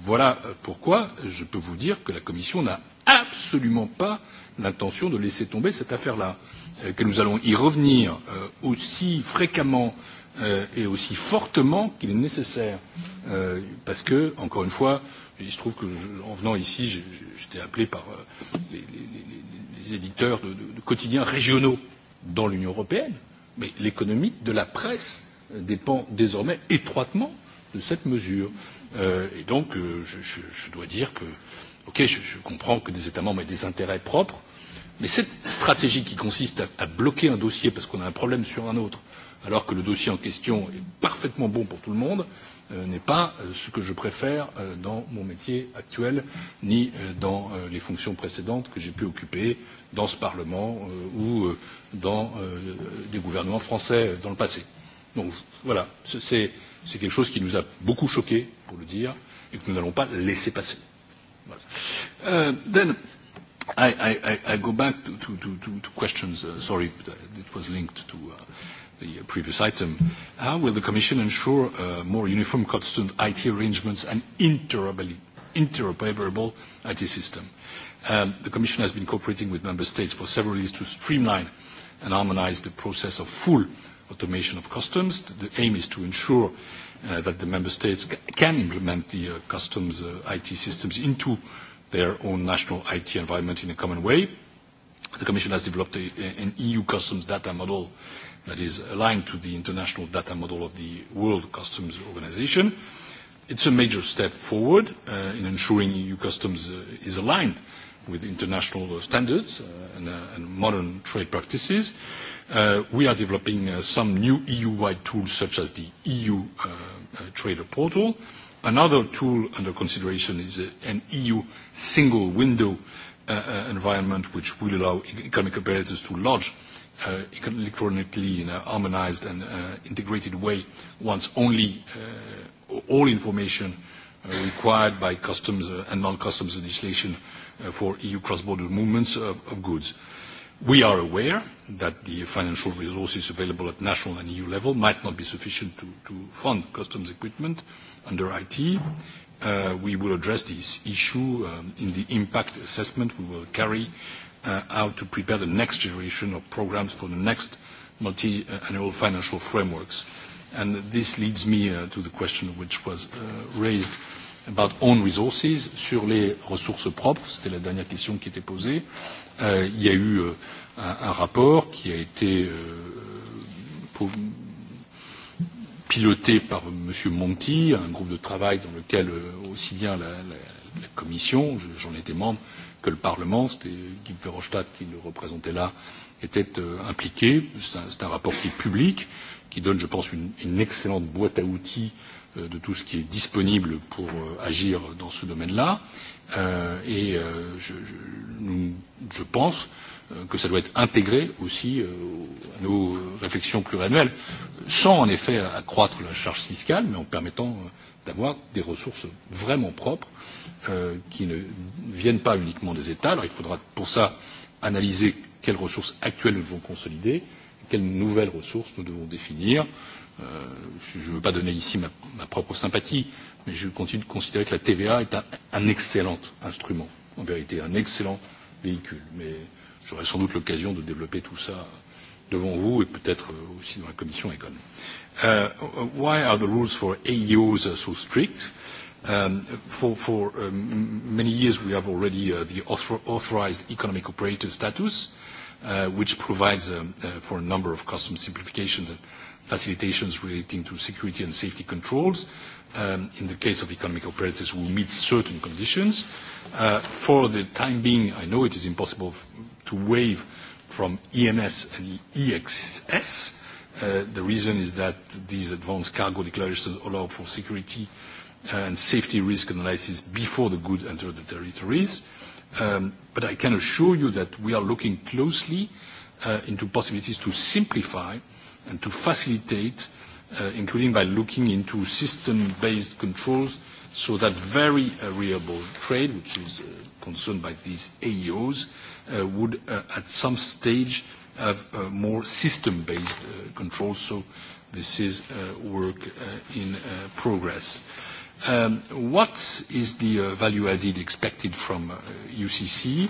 Voilà euh, pourquoi je peux vous dire que la Commission n'a absolument pas l'intention de laisser tomber cette affaire-là, euh, que nous allons y revenir euh, aussi fréquemment euh, et aussi fortement qu'il est nécessaire, euh, parce que, encore une fois, il se trouve que, je, en venant ici, j'étais appelé par euh, les, les, les des éditeurs de, de, de quotidiens régionaux dans l'Union européenne, mais l'économie de la presse euh, dépend désormais étroitement de cette mesure. Euh, et donc, euh, je, je, je dois dire que, ok, je, je comprends que des États membres aient des intérêts propres, mais cette stratégie qui consiste à, à bloquer un dossier parce qu'on a un problème sur un autre, alors que le dossier en question est parfaitement bon pour tout le monde, Euh, n'est pas euh, ce que je préfère euh, dans mon métier actuel ni dans les fonctions précédentes que j'ai pu occuper dans ce parlement ou dans des gouvernements français dans le passé. donc voilà c'est quelque chose qui nous a beaucoup choqués pour le dire et que nous n'allons pas laisser passer. Voilà. Uh, then I, I, I go back to, to, to, to questions. Uh, sorry, but uh, it was linked to. Uh, the previous item, how will the Commission ensure uh, more uniform, constant IT arrangements and interoperable IT system? Um, the Commission has been cooperating with Member States for several years to streamline and harmonise the process of full automation of customs. The aim is to ensure uh, that the Member States can implement the uh, customs uh, IT systems into their own national IT environment in a common way. The Commission has developed a, a, an EU customs data model that is aligned to the international data model of the World Customs Organization. It's a major step forward uh, in ensuring EU customs uh, is aligned with international uh, standards uh, and, uh, and modern trade practices. Uh, we are developing some new EU-wide tools, such as the EU Trader Portal. Another tool under consideration is an EU single window environment, which will allow economic operators to lodge Uh, electronically in a harmonized and uh, integrated way once only uh, all information uh, required by customs uh, and non-customs legislation uh, for EU cross-border movements of, of goods. We are aware that the financial resources available at national and EU level might not be sufficient to, to fund customs equipment under IT. Uh, we will address this issue um, in the impact assessment we will carry uh, Uh, how to prepare the next generation of programs for the next multi-annual financial frameworks. And this leads me uh, to the question which was uh, raised about own resources. Sur les ressources propres, c'était la dernière question qui était posée, euh, il y a eu euh, un, rapport qui a été euh, piloté par M. Monti, un groupe de travail dans lequel aussi bien la, Commission, j'en étais membre, que le Parlement, c'était Guy Verhofstadt qui le représentait là, était euh, impliqué. C'est un, rapport qui est public, qui donne, je pense, une, une excellente boîte à outils euh, de tout ce qui est disponible pour euh, agir dans ce domaine-là. Euh, et je, je, je pense que ça doit être intégré aussi à nos réflexions pluriannuelles, sans en effet accroître la charge fiscale, mais en permettant d'avoir des ressources vraiment propres Euh, qui ne viennent pas uniquement des États. Alors il faudra pour ça analyser quelles ressources actuelles nous devons consolider, quelles nouvelles ressources nous devons définir. Euh, je ne veux pas donner ici ma, ma propre sympathie, mais je continue de considérer que la TVA est un, un excellent instrument, en vérité, un excellent véhicule. Mais j'aurai sans doute l'occasion de développer tout ça devant vous et peut-être euh, aussi dans la commission Econ. Uh, why are the rules for AEOs so strict? Uh, Um, for, um, many years, we have already uh, the authorized economic operator status, uh, which provides um, uh, for a number of customs simplifications and facilitations relating to security and safety controls. In the case of economic operators who meet certain conditions. For the time being, I know it is impossible to waive from ENS and EXS. The reason is that these advanced cargo declarations allow for security and safety risk analysis before the goods enter the territories. Um, but I can assure you that we are looking closely uh, into possibilities to simplify and to facilitate, uh, including by looking into system-based controls so that very agreeable uh, trade, which is concerned by these AEOs, would at some stage have more system-based controls. So this is work in progress. Um, what is the uh, value added expected from UCC?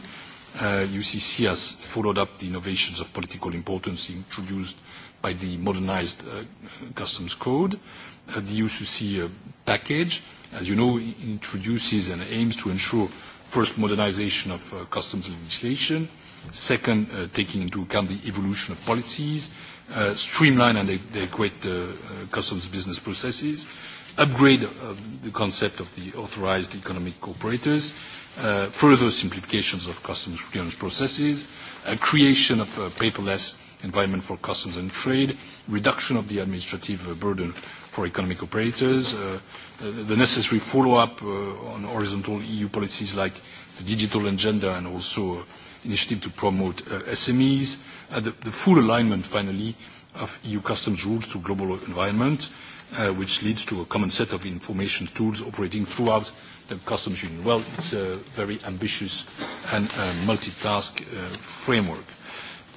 Uh, UCC uh, has followed up the innovations of political importance introduced by the modernized customs code. The UCC package, as you know, introduces and aims to ensure, first, modernization of customs legislation, second, taking into account the evolution of policies, streamline and adequate customs business processes, upgrade of uh, the concept of the authorized economic operators, uh, further simplifications of customs clearance processes, a uh, creation of a uh, paperless environment for customs and trade, reduction of the administrative burden for economic operators, uh, the necessary follow-up uh, on horizontal EU policies like the digital agenda and also uh, initiative to promote uh, SMEs, uh, the, the full alignment, finally, of EU customs rules to global environment, uh, which leads to a common set of information tools operating throughout the customs union. Well, it's a very ambitious and uh, multitask uh, framework.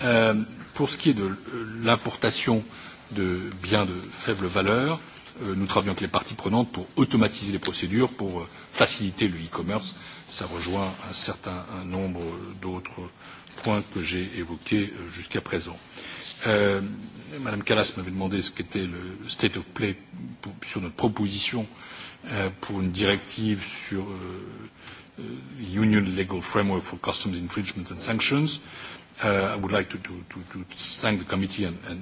Um, pour ce qui est de l'importation de biens de faible valeur, euh, nous travaillons avec les parties prenantes pour automatiser les procédures, pour euh, faciliter le e-commerce. Ça rejoint un certain un nombre d'autres points que j'ai évoqués euh, jusqu'à présent. Euh, Madame Callas m'avait demandé ce qu'était le state of play pour, sur notre proposition euh, pour une directive sur euh, euh, Union Legal Framework for Customs Infringement and Sanctions. Uh, I would like to, to, to, to thank the committee and, and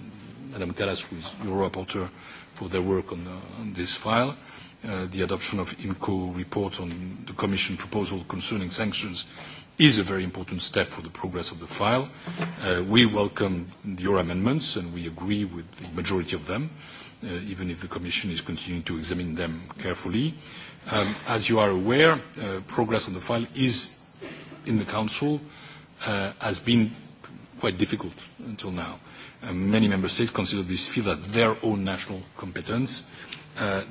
Madame Callas, who is your rapporteur, for their work on, uh, on this file. Uh, the adoption of IMCO report on the Commission proposal concerning sanctions is a very important step for the progress of the file. Uh, we welcome your amendments and we agree with the majority of them, uh, even if the Commission is continuing to examine them carefully. Um, as you are aware, uh, progress on the file is in the Council has been quite difficult until now. many Member States consider this field as their own national competence.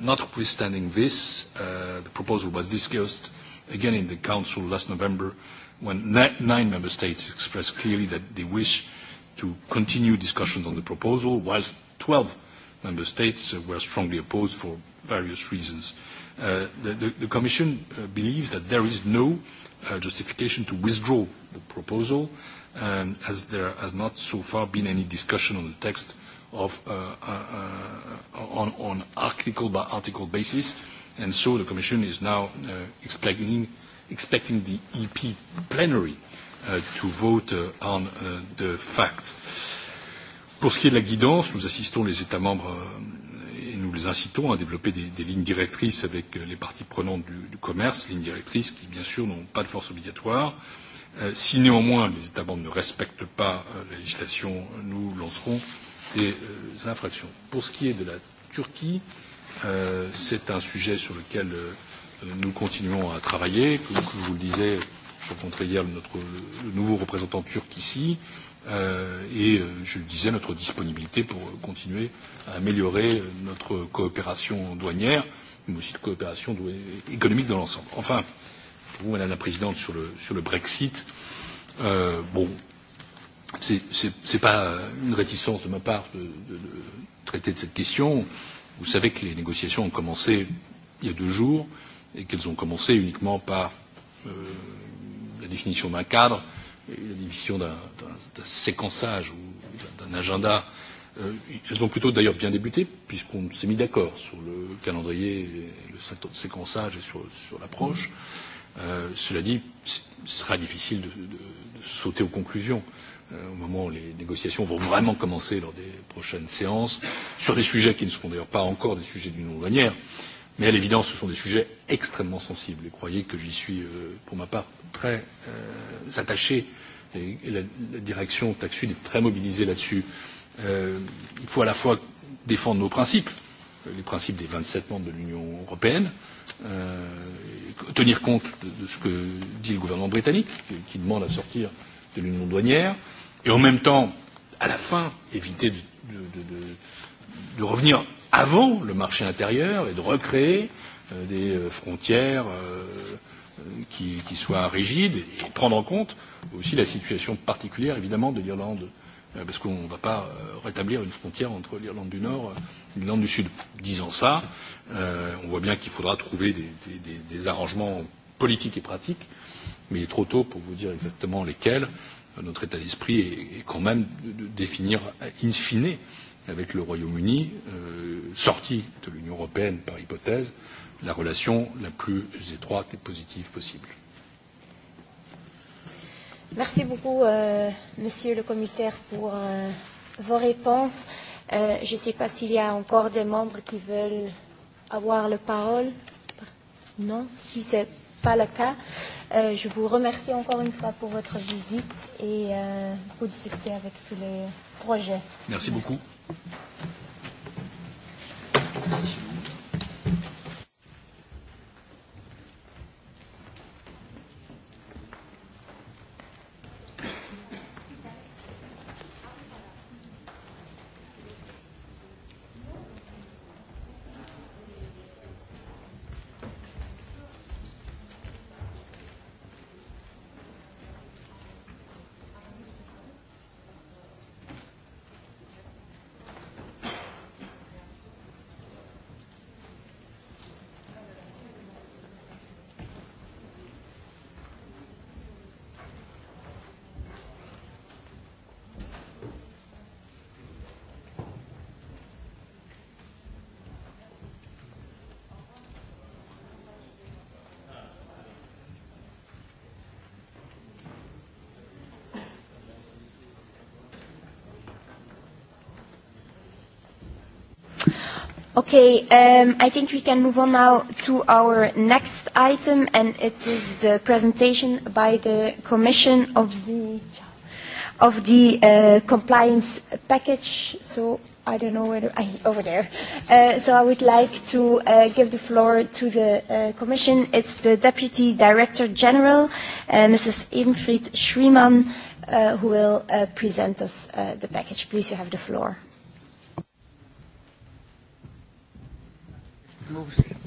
notwithstanding this, the proposal was discussed again in the Council last November when nine member states expressed clearly that they wish to continue discussions on the proposal, whilst 12 member states uh, were strongly opposed for various reasons. Uh, the, the, the Commission uh, believes that there is no uh, justification to withdraw the proposal, um, as there has not so far been any discussion on the text of, uh, uh, on, on article-by-article article basis. and so The Commission is now explaining expecting the EP plenary uh, to vote uh, on uh, the fact. Pour ce qui est de la guidance, nous assistons les États membres euh, et nous les incitons à développer des, des lignes directrices avec euh, les parties prenantes du, du commerce, lignes directrices qui, bien sûr, n'ont pas de force obligatoire. Euh, si néanmoins les États membres ne respectent pas la législation, nous lancerons des infractions. Pour ce qui est de la Turquie, c'est un sujet sur lequel euh, nous continuons à travailler. Comme je vous le disais, je rencontrais hier notre, le nouveau représentant turc ici euh, et euh, je le disais, notre disponibilité pour continuer à améliorer notre coopération douanière, mais aussi de coopération économique dans l'ensemble. Enfin, pour vous, Madame la Présidente, sur le, sur le Brexit, euh, bon, ce n'est pas une réticence de ma part de, de, de traiter de cette question. Vous savez que les négociations ont commencé il y a deux jours et qu'elles ont commencé uniquement par euh, la définition d'un cadre et la définition d'un séquençage ou d'un agenda. Euh, elles ont plutôt d'ailleurs bien débuté puisqu'on s'est mis d'accord sur le calendrier, le séquençage et sur, sur l'approche. Euh, cela dit, ce sera difficile de, de, de sauter aux conclusions euh, au moment où les négociations vont vraiment commencer lors des prochaines séances, sur des sujets qui ne seront d'ailleurs pas encore des sujets d'une longue manière. Euh, Mais à l'évidence, ce sont des sujets extrêmement sensibles et croyez que j'y suis, euh, pour ma part, très euh, attaché et la, la direction TAXUD est très mobilisée là-dessus. Euh, il faut à la fois défendre nos principes, les principes des 27 membres de l'Union européenne, euh, tenir compte de, de ce que dit le gouvernement britannique, qui, qui demande à sortir de l'union douanière, et en même temps, à la fin, éviter de, de, de, de, de revenir avant le marché intérieur et de recréer euh, des euh, frontières euh, euh, qui, qui soient rigides et prendre en compte aussi la situation particulière évidemment de l'Irlande euh, parce qu'on ne va pas euh, rétablir une frontière entre l'Irlande du Nord et l'Irlande du Sud. Disant ça, euh, on voit bien qu'il faudra trouver des, des, des arrangements politiques et pratiques, mais il est trop tôt pour vous dire exactement lesquels. Notre état d'esprit est, quand même de définir in fine avec le Royaume-Uni, euh, sorti de l'Union européenne par hypothèse, la relation la plus étroite et positive possible. Merci beaucoup, euh, Monsieur le Commissaire, pour euh, vos réponses. Euh, je ne sais pas s'il y a encore des membres qui veulent avoir la parole. Non, si ce n'est pas le cas, euh, je vous remercie encore une fois pour votre visite et euh, beaucoup de succès avec tous les projets. Merci beaucoup. Merci. Thank you. Okay, um, I think we can move on now to our next item, and it is the presentation by the Commission of the of the uh, compliance package. So I don't know whether I, over there. Uh, so I would like to uh, give the floor to the uh, Commission. It's the Deputy Director General, uh, Mrs. Imfried Schriemann, uh, who will uh, present us uh, the package. Please, you have the floor.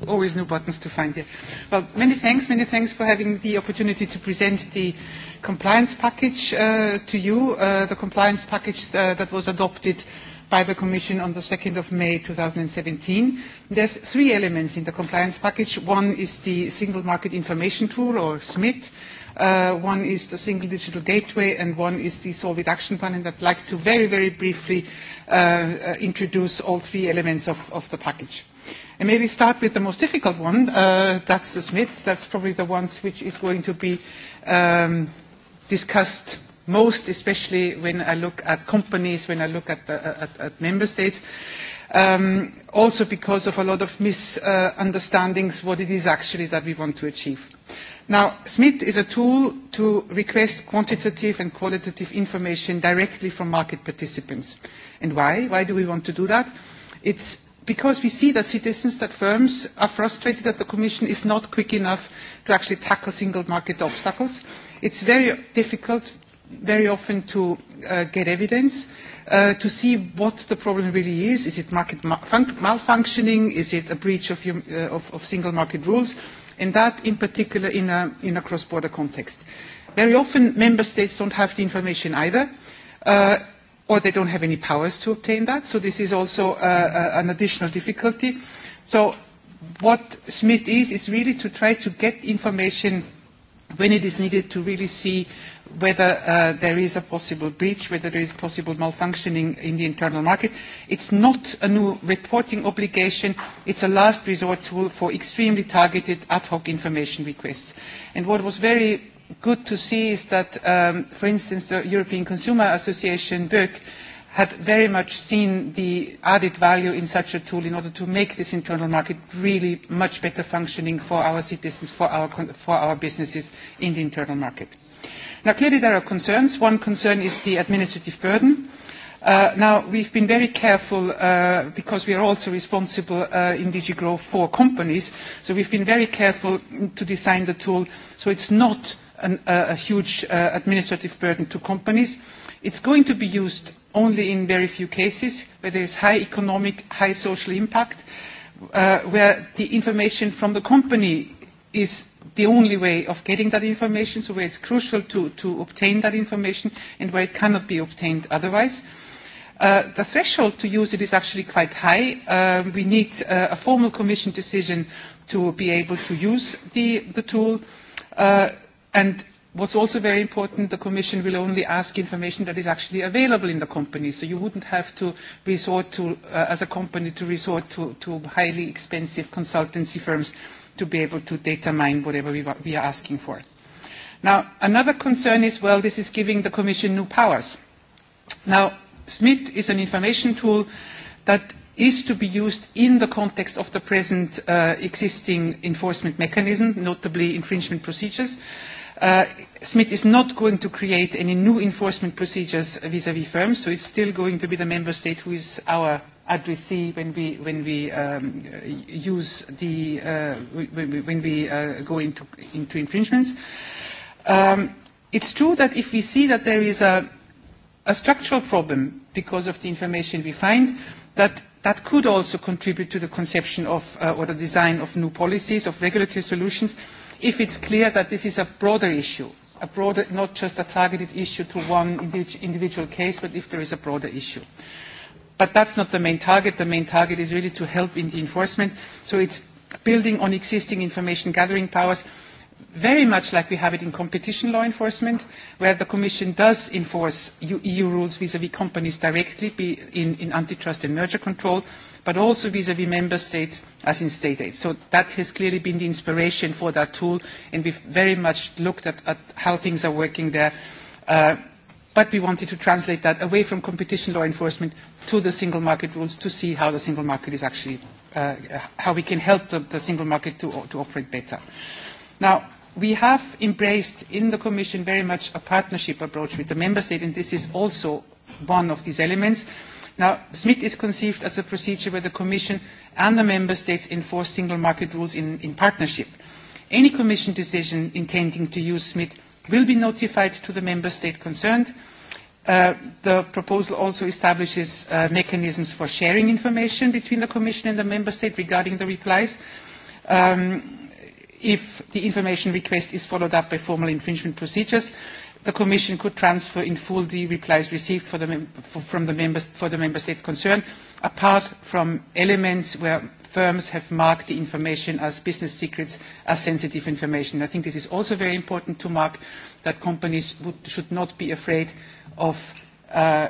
always new buttons to find here. Well, many thanks, many thanks for having the opportunity to present the compliance package uh, to you, uh, the compliance package uh, that was adopted by the Commission on the 2nd of May 2017. There's three elements in the compliance package. One is the Single Market Information Tool, or SMIT. Uh, one is the Single Digital Gateway, and one is the Solvit Action Plan. And I'd like to very, very briefly uh, uh, introduce all three elements of, of the package. Uh, And maybe start with the most difficult one, uh, that's the Smith. That's probably the one which is going to be um, discussed most, especially when I look at companies, when I look at, the, uh, at, at member states. Um, also because of a lot of misunderstandings uh, what it is actually that we want to achieve. Now, SMIT is a tool to request quantitative and qualitative information directly from market participants. And why? Why do we want to do that? It's because we see that citizens, that firms are frustrated that the Commission is not quick enough to actually tackle single market obstacles. It's very difficult very often to uh, get evidence uh, to see what the problem really is. Is it market malfunctioning? Is it a breach of, uh, of, of single market rules? And that in particular in a, in a cross-border context. Very often member states don't have the information either. Uh, or they don't have any powers to obtain that. So this is also uh, uh an additional difficulty. So what SMIT is, is really to try to get information when it is needed to really see whether uh, there is a possible breach, whether there is possible malfunctioning in the internal market. It's not a new reporting obligation. It's a last resort tool for extremely targeted ad hoc information requests. And what was very good to see is that, um, for instance, the European Consumer Association, BEUC, had very much seen the added value in such a tool in order to make this internal market really much better functioning for our citizens, for our, for our businesses in the internal market. Now, clearly there are concerns. One concern is the administrative burden. Uh, now, we've been very careful uh, because we are also responsible uh, in DG Grow for companies. So we've been very careful to design the tool so it's not an, uh, a huge uh, administrative burden to companies. It's going to be used only in very few cases where there is high economic, high social impact, uh, where the information from the company is the only way of getting that information, so where it's crucial to, to obtain that information and where it cannot be obtained otherwise. Uh, the threshold to use it is actually quite high. Uh, we need uh, a formal commission decision to be able to use the, the tool. Uh, And what's also very important, the Commission will only ask information that is actually available in the company. So you wouldn't have to resort to, uh, as a company, to resort to, to highly expensive consultancy firms to be able to data mine whatever we, we are asking for. Now, another concern is, well, this is giving the Commission new powers. Now, SMIT is an information tool that is to be used in the context of the present uh, existing enforcement mechanism, notably infringement procedures. Uh, SMIT is not going to create any new enforcement procedures vis-à-vis -vis firms, so it's still going to be the member state who is our addressee when we when we um, use the uh, when we, when we uh, go into into infringements. Um, it's true that if we see that there is a a structural problem because of the information we find, that that could also contribute to the conception of uh, or the design of new policies of regulatory solutions if it's clear that this is a broader issue, a broader, not just a targeted issue to one individual case, but if there is a broader issue. But that's not the main target. The main target is really to help in the enforcement. So it's building on existing information gathering powers, very much like we have it in competition law enforcement, where the Commission does enforce EU rules vis-à-vis -vis companies directly be in, in antitrust and merger control, but also vis-à-vis -vis member states as in state aid. So that has clearly been the inspiration for that tool, and we've very much looked at, at how things are working there. Uh, but we wanted to translate that away from competition law enforcement to the single market rules to see how the single market is actually, uh, how we can help the, the single market to, to operate better. Now, we have embraced in the Commission very much a partnership approach with the Member State, and this is also one of these elements. Now, SMIT is conceived as a procedure where the Commission and the Member States enforce single market rules in, in partnership. Any Commission decision intending to use SMIT will be notified to the Member State concerned. Uh, the proposal also establishes uh, mechanisms for sharing information between the Commission and the Member State regarding the replies. Um, if the information request is followed up by formal infringement procedures the Commission could transfer in full the replies received for the for, from the members, for the member states concerned, apart from elements where firms have marked the information as business secrets, as sensitive information. I think it is also very important to mark that companies would, should not be afraid of uh,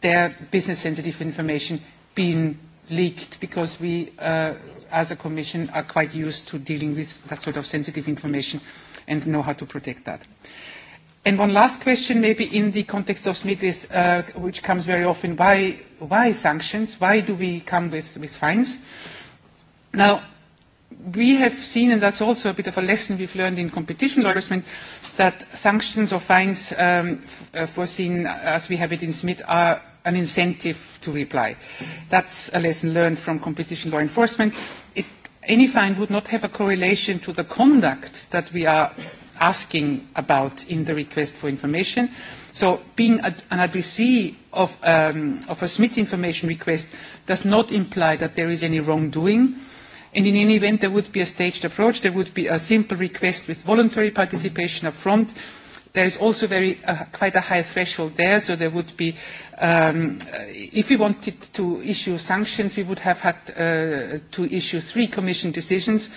their business-sensitive information being leaked, because we, uh, as a Commission, are quite used to dealing with that sort of sensitive information and know how to protect that. Uh, And one last question, maybe in the context of is, uh, which comes very often, why, why sanctions? Why do we come with, with fines? Now, we have seen, and that's also a bit of a lesson we've learned in competition law enforcement, that sanctions or fines um, uh, foreseen as we have it in Smith, are an incentive to reply. That's a lesson learned from competition law enforcement. It, any fine would not have a correlation to the conduct that we are asking about in the request for information. So being a, an addressee of, um, of a SMIT information request does not imply that there is any wrongdoing. And in any event, there would be a staged approach. There would be a simple request with voluntary participation up front. There is also very, uh, quite a high threshold there, so there would be, um, uh, if we wanted to issue sanctions, we would have had uh, to issue three Commission decisions. Uh,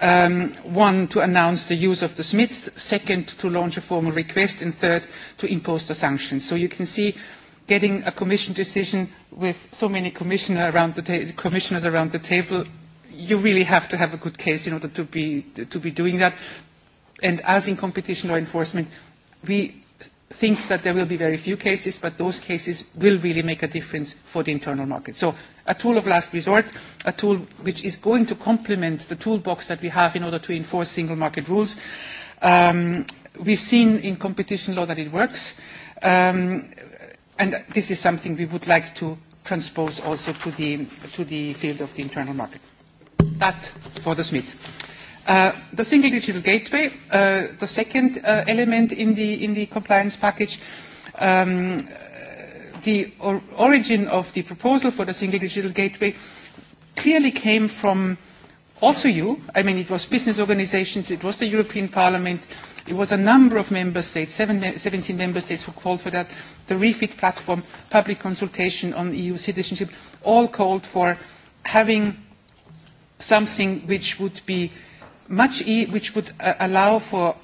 Um, one, to announce the use of the SMIT, second, to launch a formal request, and third, to impose the sanctions. So you can see getting a commission decision with so many commissioner around the commissioners around the table, you really have to have a good case in order to be, to be doing that. And as in competition law enforcement, we think that there will be very few cases, but those cases will really make a difference for the internal market. So a tool of last resort, a tool which is going to complement the toolbox that we have in order to enforce single market rules. Um, we've seen in competition law that it works, um, and this is something we would like to transpose also to the, to the field of the internal market. That for the Smith. Uh, the single digital gateway, uh, the second uh, element in the, in the compliance package, um, the or origin of the proposal for the single digital gateway clearly came from also you. I mean, it was business organizations, it was the European Parliament, it was a number of member states, seven, 17 member states who called for that, the refit platform, public consultation on EU citizenship, all called for having something which would be uh, much e which would uh, allow for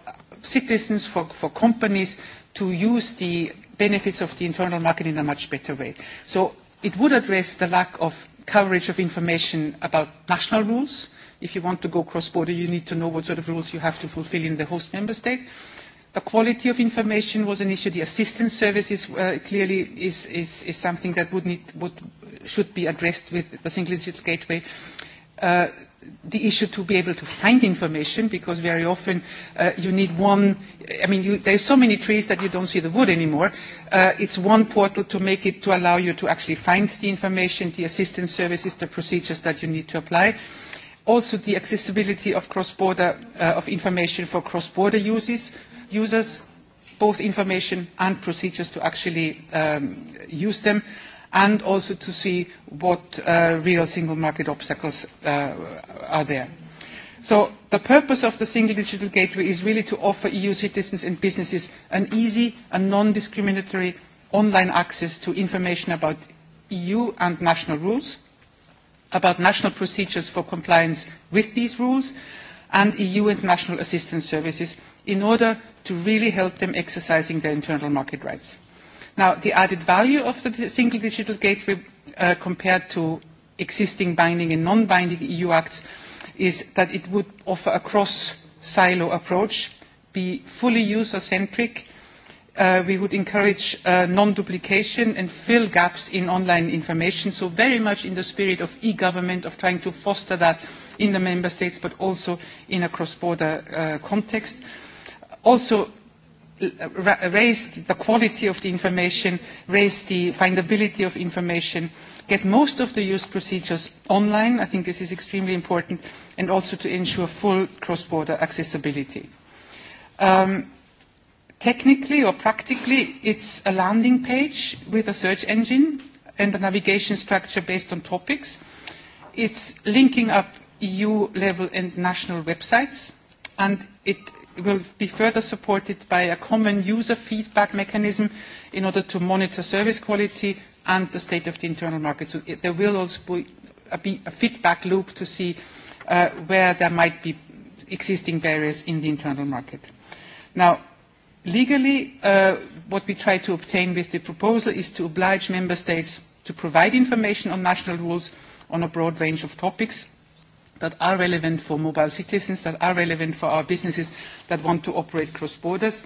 citizens, for, for companies to use the benefits of the internal market in a much better way. So it would address the lack of coverage of information about national rules. If you want to go cross-border, you need to know what sort of rules you have to fulfill in the host member state. The quality of information was an issue. The assistance services uh, clearly is, is, is something that would need, would, should be addressed with the single digital gateway. Uh, the issue to be able to find information because very often uh, you need one i mean you, there's so many trees that you don't see the wood anymore uh, it's one portal to make it to allow you to actually find the information the assistance services the procedures that you need to apply also the accessibility of cross-border uh, of information for cross-border users, users both information and procedures to actually um, use them and also to see what uh, real single market obstacles uh, are there. So the purpose of the Single Digital Gateway is really to offer EU citizens and businesses an easy and non-discriminatory online access to information about EU and national rules, about national procedures for compliance with these rules, and EU and national assistance services in order to really help them exercising their internal market rights. Now, the added value of the single digital gateway uh, compared to existing binding and non-binding EU acts is that it would offer a cross-silo approach, be fully user-centric. Uh, we would encourage uh, non-duplication and fill gaps in online information, so very much in the spirit of e-government, of trying to foster that in the member states, but also in a cross-border uh, context. Also, raise the quality of the information, raise the findability of information, get most of the use procedures online, I think this is extremely important, and also to ensure full cross-border accessibility. Um, technically or practically, it's a landing page with a search engine and a navigation structure based on topics. It's linking up EU level and national websites, and it will be further supported by a common user feedback mechanism in order to monitor service quality and the state of the internal market. So it, there will also be a, be a feedback loop to see uh, where there might be existing barriers in the internal market. Now, legally, uh, what we try to obtain with the proposal is to oblige member states to provide information on national rules on a broad range of topics that are relevant for mobile citizens, that are relevant for our businesses that want to operate cross borders.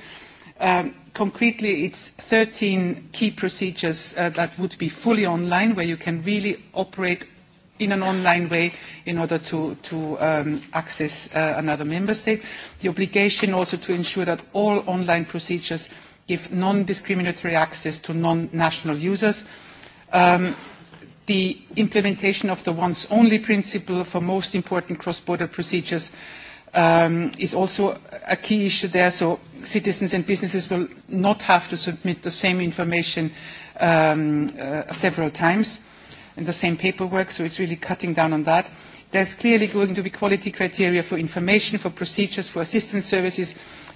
Um, concretely, it's 13 key procedures uh, that would be fully online, where you can really operate in an online way in order to, to um, access uh, another member state. The obligation also to ensure that all online procedures give non-discriminatory access to non-national users. Um, the implementation of the once only principle for most important cross-border procedures um, is also a key issue there. So citizens and businesses will not have to submit the same information um, uh, several times and the same paperwork. So it's really cutting down on that. There's clearly going to be quality criteria for information, for procedures, for assistance services,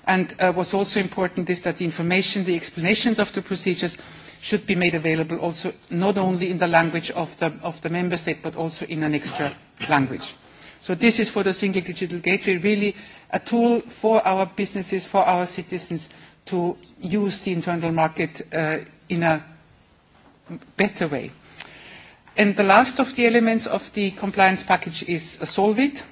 And uh, what's also important is that the information, the explanations of the procedures should be made available also not only in the language of the, of the member state but also in an extra language. So this is for the single digital gateway really a tool for our businesses, for our citizens to use the internal market uh, in a better way. And the last of the elements of the compliance package is Solvit.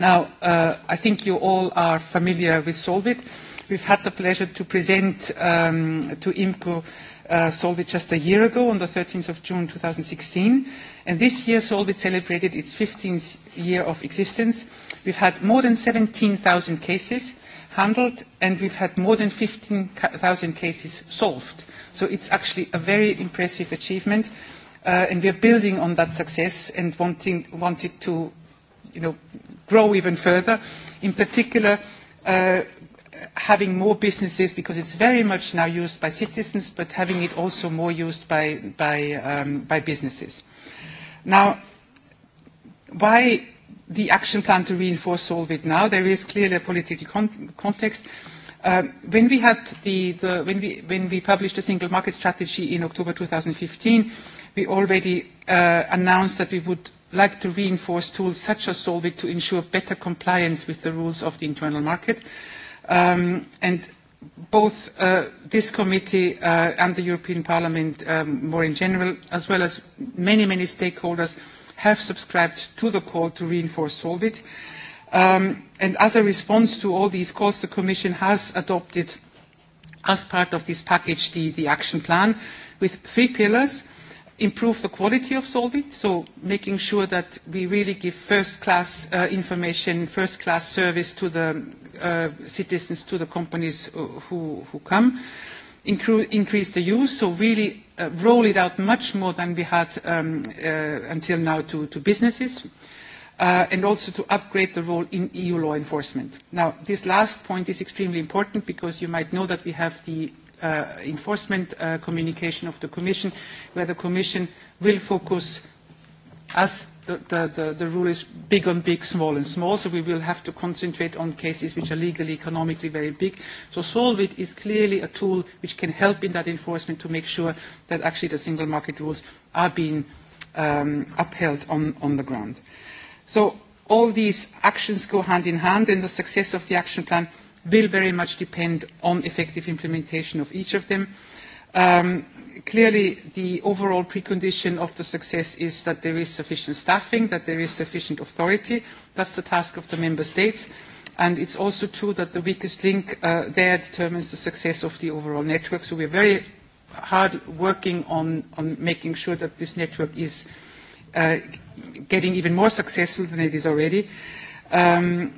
Now, uh, I think you all are familiar with Solvit. We've had the pleasure to present um, to IMCO uh, Solvit just a year ago on the 13th of June 2016. And this year Solvit celebrated its 15th year of existence. We've had more than 17,000 cases handled and we've had more than 15,000 cases solved. So it's actually a very impressive achievement uh, and we're building on that success and wanting, wanted to you know, grow even further. In particular, uh, having more businesses because it's very much now used by citizens, but having it also more used by, by, um, by businesses. Now, why the action plan to reinforce Solvit now? There is clearly a political con context. Uh, when we had the, the when we when we published the single market strategy in October 2015, we already uh, announced that we would like to reinforce tools such as Solvit to ensure better compliance with the rules of the internal market. Um, and both uh, this committee uh, and the European Parliament um, more in general, as well as many, many stakeholders, have subscribed to the call to reinforce Solvit. Um, and as a response to all these calls, the Commission has adopted, as part of this package, the, the action plan with three pillars – improve the quality of Solvit, so making sure that we really give first-class uh, information, first-class service to the uh, citizens, to the companies uh, who, who come. Incru increase the use, so really uh, roll it out much more than we had um, uh, until now to, to businesses. Uh, and also to upgrade the role in EU law enforcement. Now, this last point is extremely important because you might know that we have the uh, enforcement uh, communication of the Commission, where the Commission will focus as the, the, the, the rule is big on big, small and small, so we will have to concentrate on cases which are legally, economically very big. So Solvit is clearly a tool which can help in that enforcement to make sure that actually the single market rules are being um, upheld on, on the ground. So all these actions go hand in hand, and the success of the action plan will very much depend on effective implementation of each of them. Um, clearly, the overall precondition of the success is that there is sufficient staffing, that there is sufficient authority. That's the task of the member states. And it's also true that the weakest link uh, there determines the success of the overall network. So we're very hard working on, on making sure that this network is uh, getting even more successful than it is already. Um,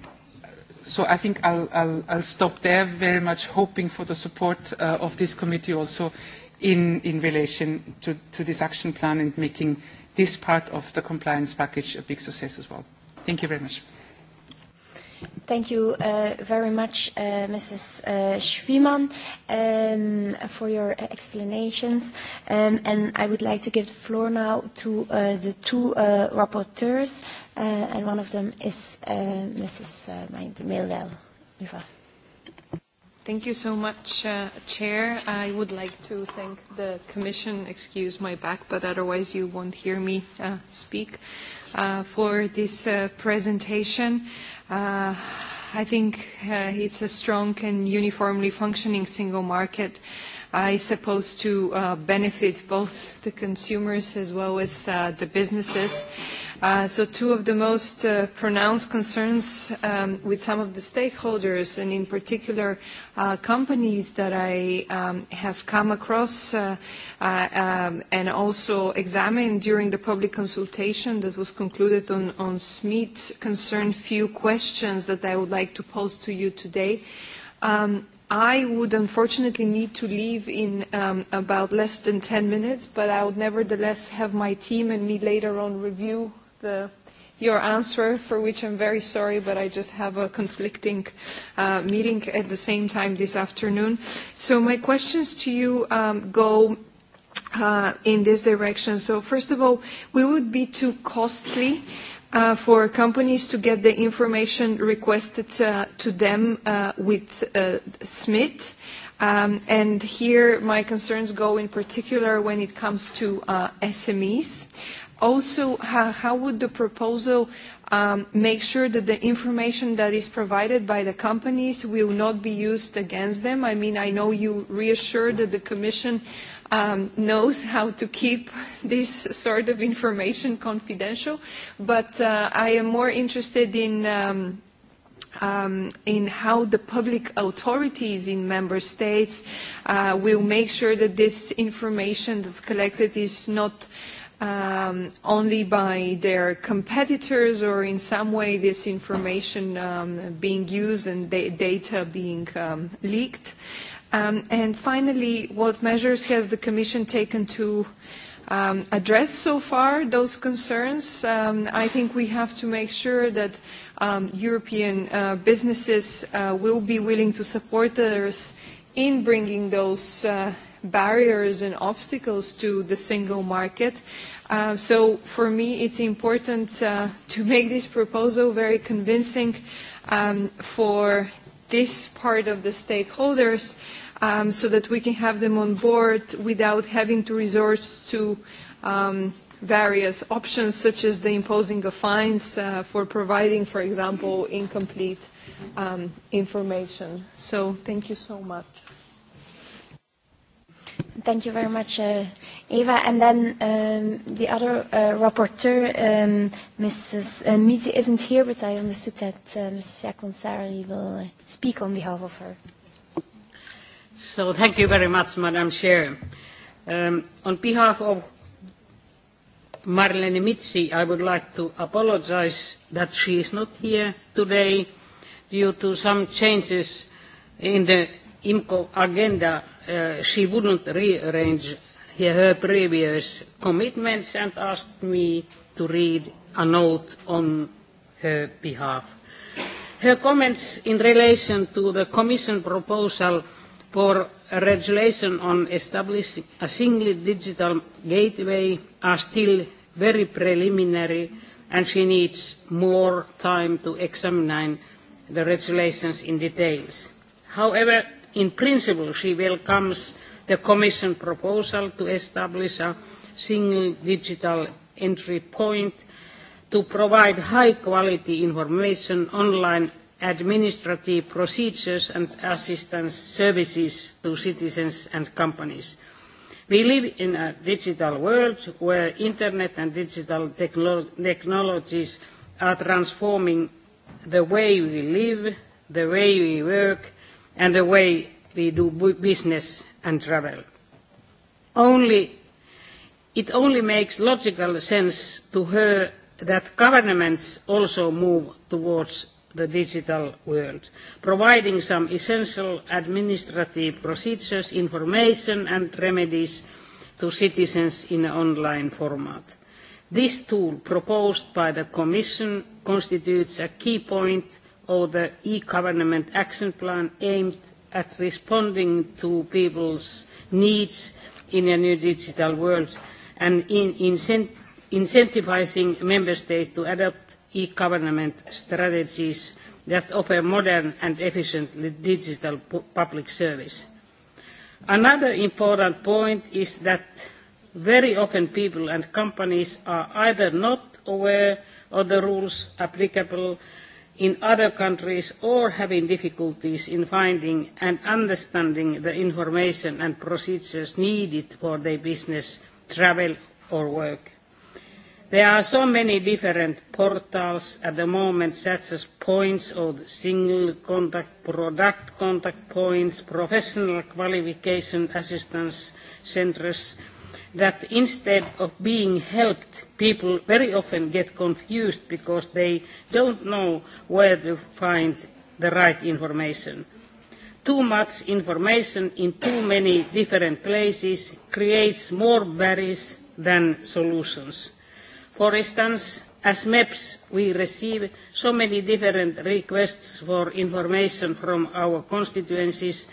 So I think I'll, I'll, I'll stop there, very much hoping for the support uh, of this committee also in, in relation to, to this action plan and making this part of the compliance package a big success as well. Thank you very much. Thank you uh, very much, uh, Mrs. Uh, Schwiemann, um, for your explanations. Um, and I would like to give the floor now to uh, the two uh, rapporteurs uh, and one of them is uh, Mrs. Uh, Mildel. Thank you so much, uh, Chair. I would like to thank the Commission, excuse my back, but otherwise you won't hear me uh, speak, uh, for this uh, presentation. Uh, I think uh, it's a strong and uniformly functioning single market uh, I suppose, to uh, benefit both the consumers as well as uh, the businesses. Uh, so two of the most uh, pronounced concerns um, with some of the stakeholders, and in particular uh, companies that I um, have come across uh, uh, um, and also examined during the public consultation that was concluded on, on SMEET concern few questions that I would like to pose to you today. Um, I would unfortunately need to leave in um, about less than 10 minutes, but I would nevertheless have my team and me later on review the, your answer, for which I'm very sorry, but I just have a conflicting uh, meeting at the same time this afternoon. So my questions to you um, go uh, in this direction. So first of all, we would be too costly. Uh, for companies to get the information requested uh, to them uh, with uh, SMIT. Um, and here my concerns go in particular when it comes to uh, SMEs. Also, how, how would the proposal um, make sure that the information that is provided by the companies will not be used against them? I mean, I know you reassured that the Commission uh, um, knows how to keep this sort of information confidential, but uh, I am more interested in um, um, in how the public authorities in member states uh, will make sure that this information that's collected is not um, only by their competitors or in some way this information um, being used and da data being um, leaked. Uh, Um, and finally, what measures has the Commission taken to um, address so far those concerns? Um, I think we have to make sure that um, European uh, businesses uh, will be willing to support us in bringing those uh, barriers and obstacles to the single market. Uh, so for me, it's important uh, to make this proposal very convincing um, for this part of the stakeholders um, so that we can have them on board without having to resort to um, various options such as the imposing of fines uh, for providing, for example, incomplete um, information. So thank you so much. Thank you very much, uh, Eva. And then um, the other uh, rapporteur, um, Mrs. Uh, Mitzi, isn't here, but I understood that uh, Mrs. Yakonsari will uh, speak on behalf of her. So thank you very much, Madam Chair. Um, on behalf of Marlene Mitzi, I would like to apologize that she is not here today due to some changes in the IMCO agenda. Uh, she wouldn't rearrange her previous commitments and asked me to read a note on her behalf. Her comments in relation to the Commission proposal for regulation on establishing a single digital gateway are still very preliminary and she needs more time to examine the regulations in details. However, in principle, she welcomes the Commission proposal to establish a single digital entry point to provide high-quality information online administrative procedures and assistance services to citizens and companies. We live in a digital world where internet and digital technologies are transforming the way we live, the way we work, and the way we do business and travel. Only, it only makes logical sense to her that governments also move towards the digital world, providing some essential administrative procedures, information and remedies to citizens in an online format. This tool proposed by the Commission constitutes a key point of the e-government action plan aimed at responding to people's needs in a new digital world and in incentivising member states to adopt e-government strategies that offer modern and efficient digital public service. Another important point is that very often people and companies are either not aware of the rules applicable in other countries or having difficulties in finding and understanding the information and procedures needed for their business, travel or work. There are so many different portals at the moment, such as points of single contact, product contact points, professional qualification assistance centres, that instead of being helped, people very often get confused because they don't know where to find the right information. Too much information in too many different places creates more barriers than solutions For instance, as MEPs, we receive so many different requests for information from our constituencies.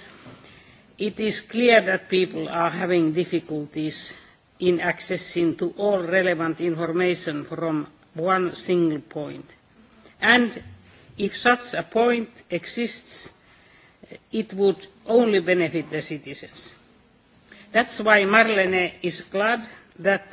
It is clear that people are having difficulties in accessing to all relevant information from one single point. And if such a point exists, it would only benefit the citizens. That's why Marlene is glad that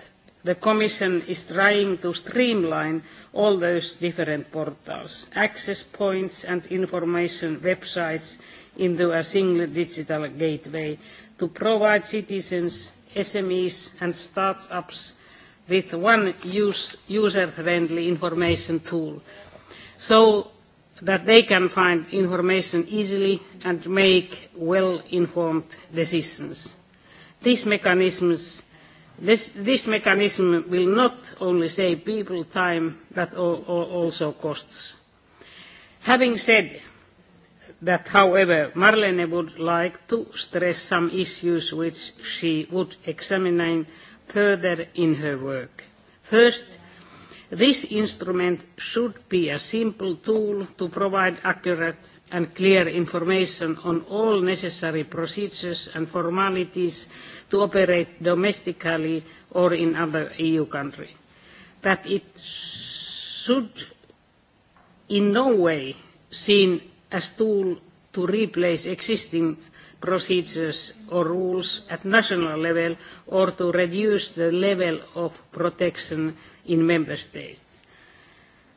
the Commission is trying to streamline all those different portals, access points and information websites into a single digital gateway to provide citizens, SMEs and startups with one use, user-friendly information tool so that they can find information easily and make well-informed decisions. These mechanisms This, mechanism will not only save people time, but also costs. Having said that, however, Marlene would like to stress some issues which she would examine further in her work. First, this instrument should be a simple tool to provide accurate and clear information on all necessary procedures and formalities to operate domestically or in other EU country. But it should in no way seen as tool to replace existing procedures or rules at national level or to reduce the level of protection in member states.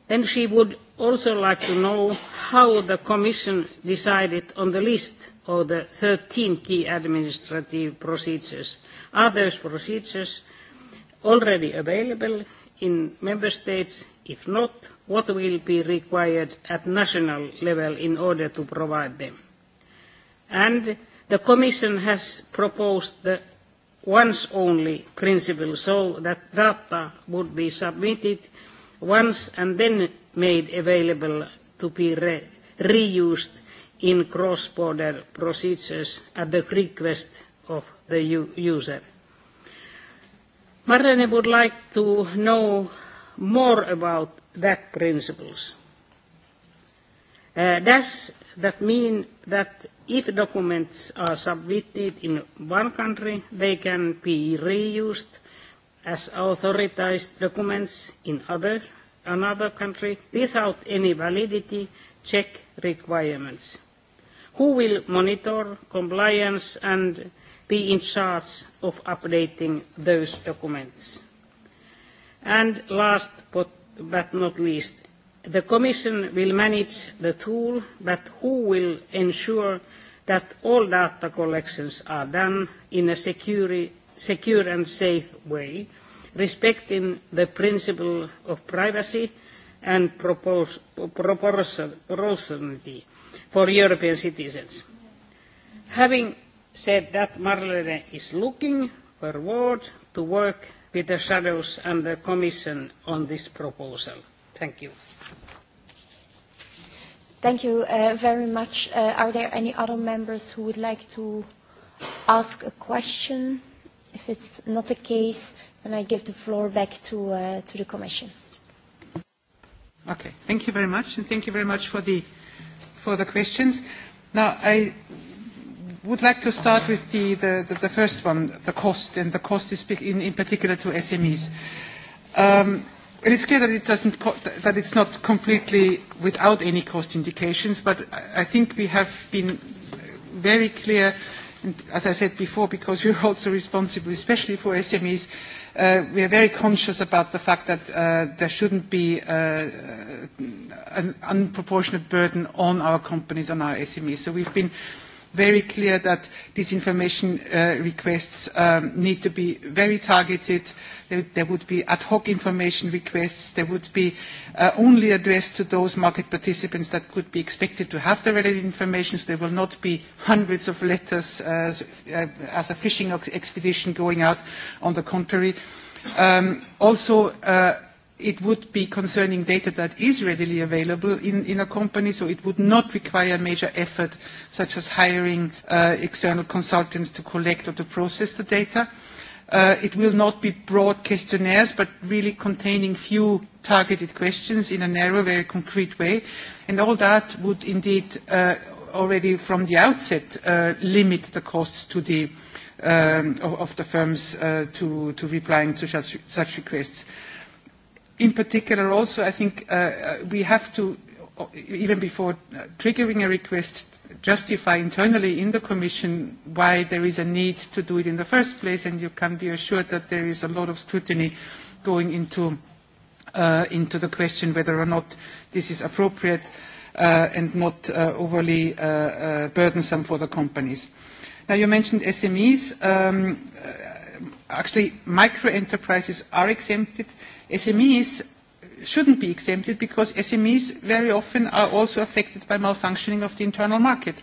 Then she would also like to know how the Commission decided on the list Or the 13 key administrative procedures. Are those procedures already available in member states? If not, what will be required at national level in order to provide them? And the Commission has proposed the once only principle so that data would be submitted once and then made available to be re reused in cross-border procedures at the request of the user. Marlene would like to know more about that principles. Uh, does that mean that if documents are submitted in one country, they can be reused as authorized documents in other, another country without any validity check requirements? Who will monitor compliance and be in charge of updating those documents? And last but, but not least, the Commission will manage the tool, but who will ensure that all data collections are done in a secure, secure and safe way, respecting the principle of privacy and proportionality for European citizens. Having said that, Marlene is looking forward to work with the shadows and the Commission on this proposal. Thank you. Thank you uh, very much. Uh, are there any other members who would like to ask a question? If it's not the case, then I give the floor back to, uh, to the Commission. Okay. Thank you very much, and thank you very much for the for the questions. Now, I would like to start with the, the, the, the first one, the cost, and the cost is in, in particular to SMEs. Um, and it's clear that, it doesn't co that it's not completely without any cost indications, but I, think we have been very clear, and as I said before, because you're also responsible, especially for SMEs, uh, Uh, we are very conscious about the fact that uh, there shouldn't be uh, an unproportionate burden on our companies, on our SMEs. So we've been uh, very clear that information uh, requests um, need to be very targeted. There, there would be ad hoc information requests. They would be uh, only addressed to those market participants that could be expected to have the relevant information. So there will not be hundreds of letters uh, uh as a fishing expedition going out. On the contrary, um, also. Uh, it would be concerning data that is readily available in, in a company, so it would not require major effort such as hiring uh, external consultants to collect or to process the data. Uh, it will not be broad questionnaires, but really containing few targeted questions in a narrow, very concrete way. And all that would indeed uh, already from the outset uh, limit the costs to the, um, of, of the firms uh, to, to replying to such, such requests in particular also I think uh, uh we have to, uh, even before uh, triggering a request, justify internally in the Commission why there is a need to do it in the first place and you can be assured that there is a lot of scrutiny going into, uh, into the question whether or not this is appropriate uh, and not uh, overly uh, uh, burdensome for the companies. Now you mentioned SMEs. Um, actually, micro enterprises are exempted. Uh, SMEs shouldn't be exempted because SMEs very often are also affected by malfunctioning of the internal market.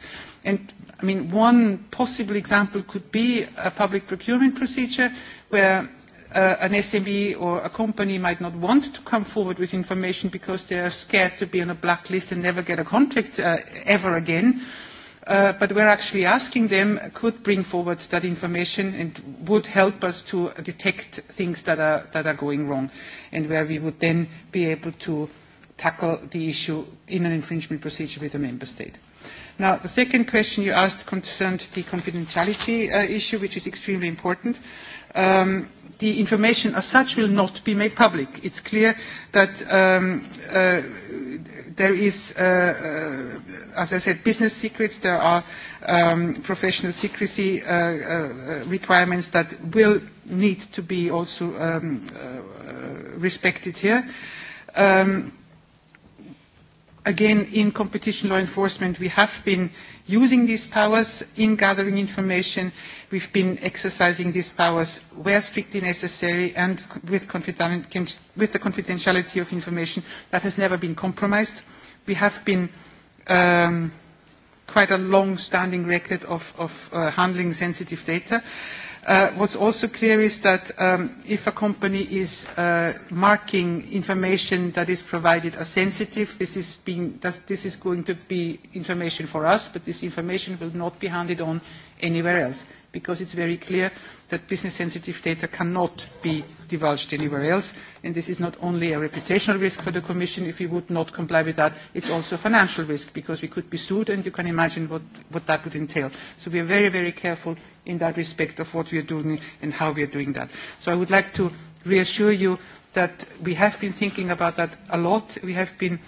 And I mean, one possible example could be a public procurement procedure where uh, an SME or a company might not want to come forward with information because they are scared to be on a blacklist and never get a contract uh, ever again. Uh, Uh, but we're actually asking them could bring forward that information and would help us to detect things that are, that are going wrong and where we would then be able to tackle the issue in an infringement procedure with a member state. Now, the second question you asked concerned the confidentiality uh, issue, which is extremely important. Um, the information as such will not be made public. It's clear that um, uh, There is, uh, uh, as I said, business secrets. There are um, professional secrecy uh, uh, uh, requirements that will need to be also um, uh, respected here. Um, again, in competition law enforcement, we have been using these powers in gathering information. We've been exercising these powers where strictly necessary and with, with the confidentiality of information that has never been compromised. We have been um, quite a long-standing record of, of uh, handling sensitive data. Uh, what's also clear is that um, if a company is uh, marking information that is provided as sensitive, this is, being, this is going to be information for us, but this information will not be handed on anywhere else because it's very clear that business-sensitive data cannot be divulged anywhere else. And this is not only a reputational risk for the Commission if we would not comply with that, it's also a financial risk because we could be sued and you can imagine what, what that would entail. So we are very, very careful in that respect of what we are doing and how we are doing that. So I would like to reassure you that we have been thinking about that a lot. We have been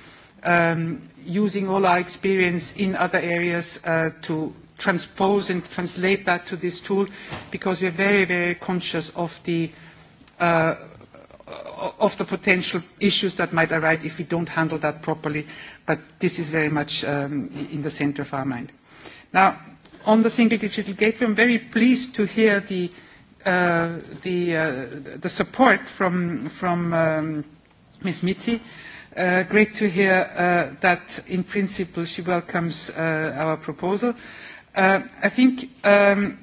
um, using all our experience in other areas uh, to transpose and translate that to this tool because we are very, very conscious of the, uh, of the potential issues that might arise if we don't handle that properly. But this is very much um, in the center of our mind. Now, on the single digital gateway, I'm very pleased to hear the, uh, the, uh, the support from, from um, Ms. Mitzi. Uh, great to hear uh, that in principle she welcomes uh, our proposal. Uh, I think um,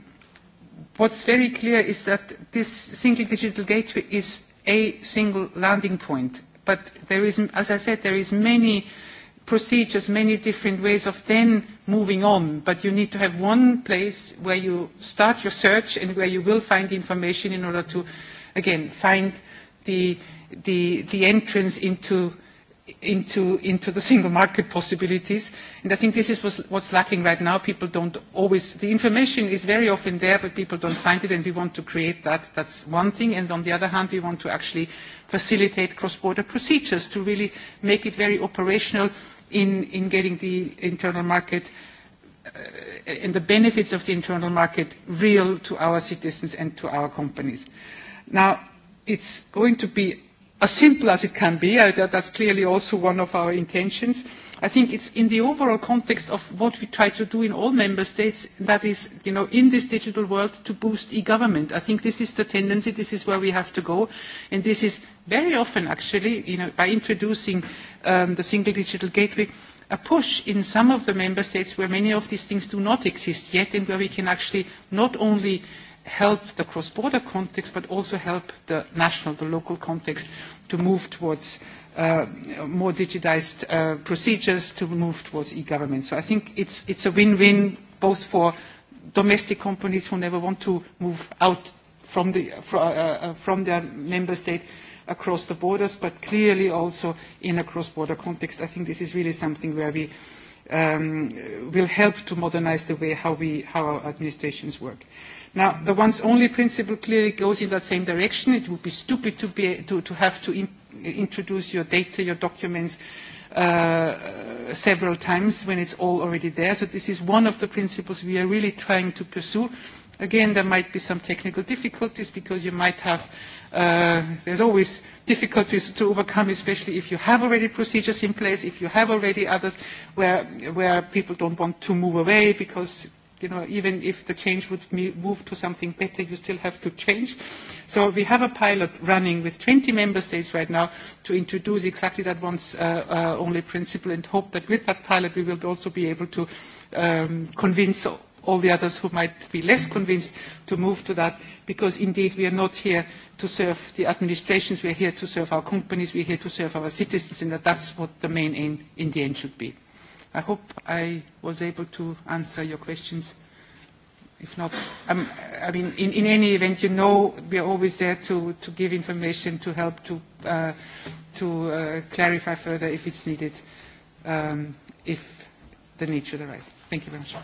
what's very clear is that this single digital gateway is a single landing point. But there is, as I said, there is many procedures, many different ways of then moving on. But you need to have one place where you start your search and where you will find information in order to, again, find the, the, the entrance into into, into the single market possibilities. And I think this is what's, lacking right now. People don't always, the information is very often there, but people don't find it, and we want to create that. That's one thing. And on the other hand, we want to actually facilitate cross-border procedures to really make it very operational in, in getting the internal market uh, and the benefits of the internal market real to our citizens and to our companies. Now, it's going to be as simple as it can be. I, uh, that, that's clearly also one of our intentions. I think it's in the overall context of what we try to do in all member states, that is, you know, in this digital world to boost e-government. I think this is the tendency, this is where we have to go. And this is very often actually, you know, by introducing um, the single digital gateway, a push in some of the member states where many of these things do not exist yet and where we can actually not only help the cross-border context, but also help the national, the local context to move towards uh, more digitized uh, procedures, to move towards e-government. So I think it's, it's a win-win both for domestic companies who never want to move out from, the, uh, uh, from their member state across the borders, but clearly also in a cross-border context. I think this is really something where we um, will help to modernize the way how, we, how our administrations work. Now, the one's only principle clearly goes in that same direction. It would be stupid to, be, to, to have to in, introduce your data, your documents, uh, several times when it's all already there. So this is one of the principles we are really trying to pursue. Again, there might be some technical difficulties because you might have, uh, there's always difficulties to overcome, especially if you have already procedures in place, if you have already others where, where people don't want to move away because you know, even if the change would move to something better, you still have to change. So we have a pilot running with 20 member states right now to introduce exactly that once uh, uh, only principle and hope that with that pilot we will also be able to um, convince all the others who might be less convinced to move to that because indeed we are not here to serve the administrations, we are here to serve our companies, we are here to serve our citizens and that that's what the main aim in the end should be. I hope I was able to answer your questions. If not, um, I mean, in, in any event, you know we are always there to, to give information, to help, to, uh, to uh, clarify further if it's needed, um, if the need should arise. Thank you very much.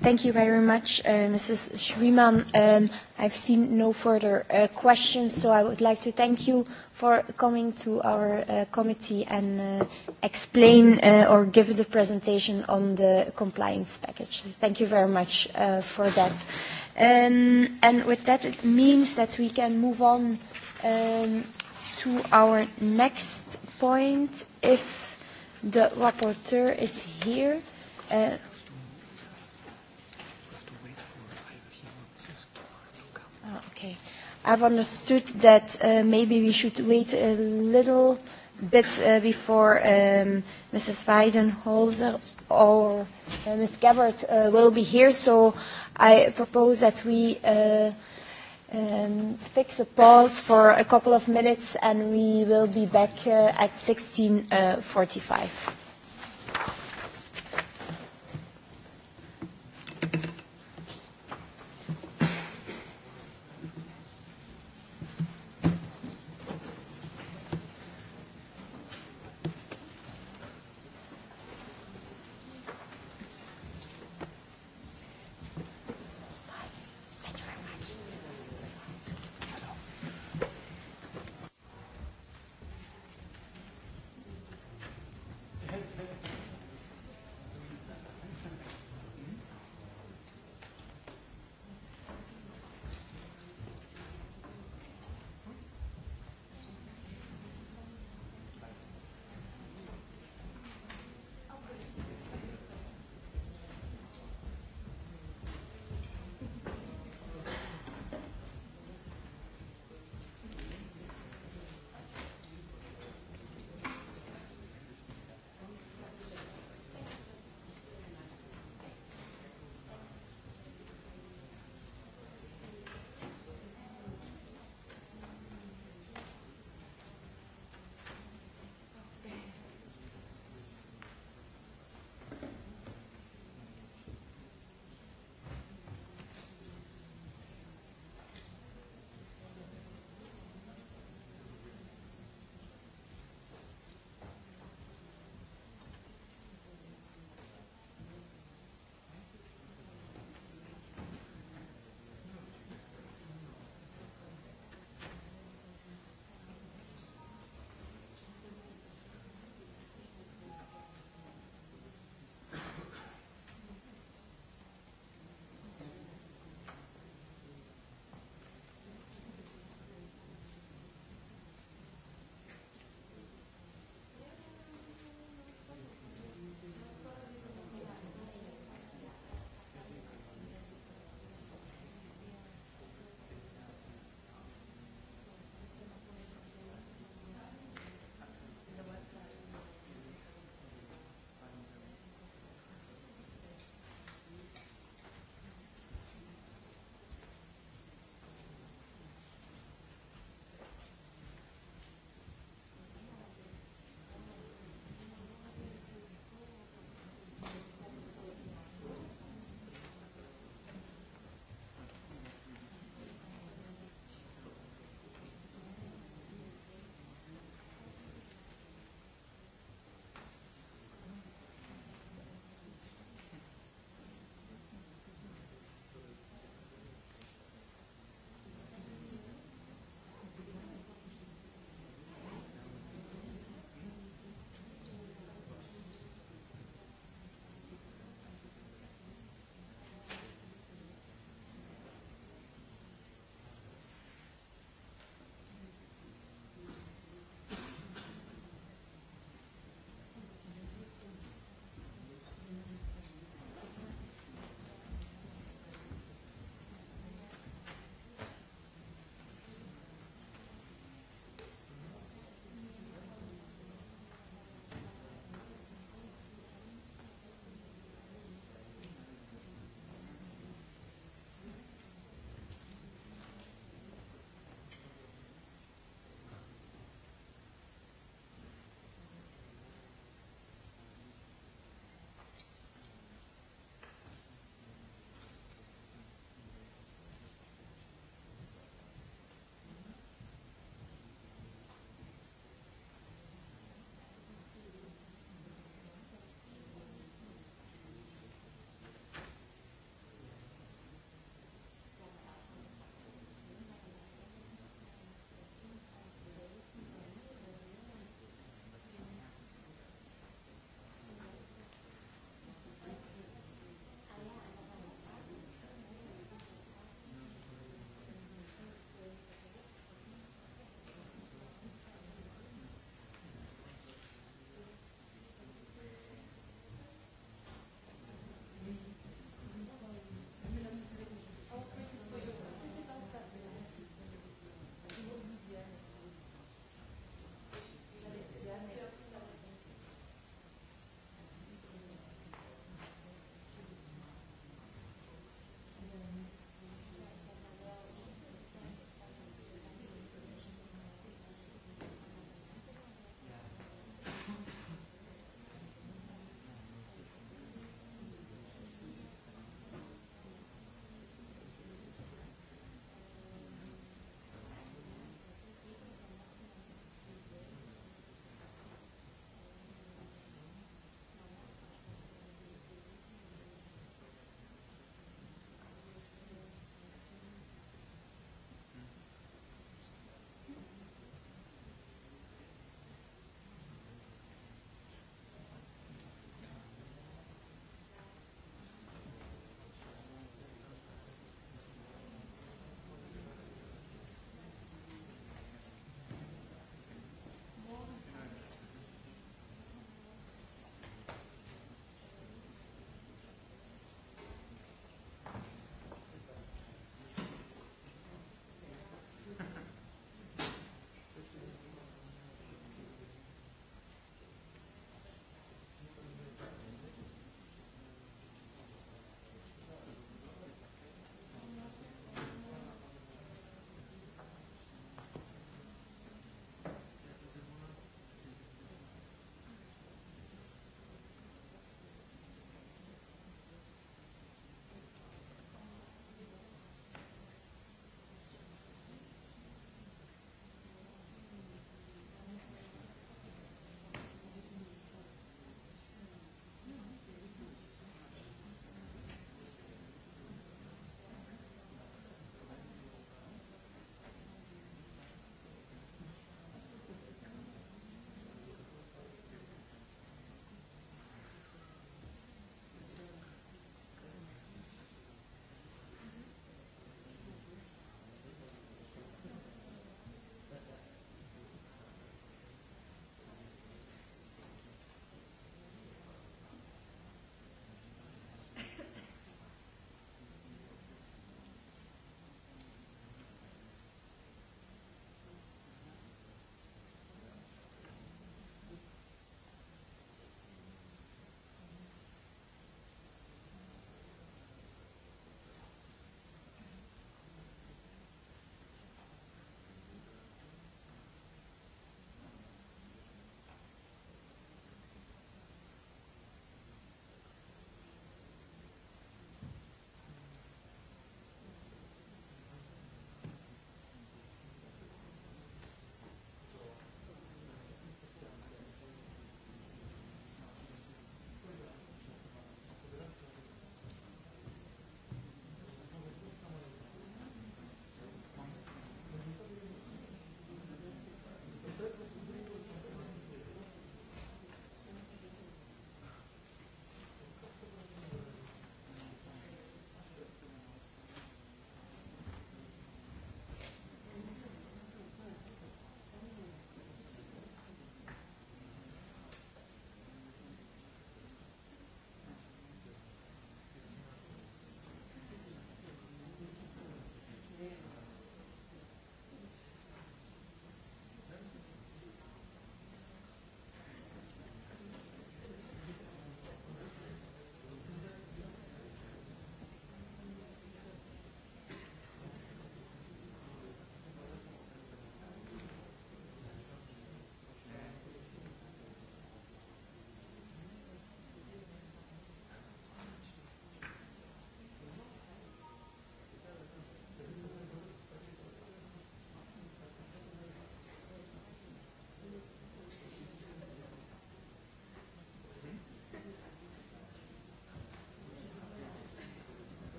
Thank you very much, uh, Mrs. Schwiemann. Um, I've seen no further uh, questions, so I would like to thank you for coming to our uh, committee and uh, explain uh, or give the presentation on the compliance package. Thank you very much uh, for that. Um, and with that, it means that we can move on um, to our next point, if the rapporteur is here. Uh, I've understood that uh, maybe we should wait a little bit uh, before um, Mrs. Weidenholzer or uh, Ms. Gabbard uh, will be here, so I propose that we uh, um, fix a pause for a couple of minutes and we will be back uh, at 16.45. Uh,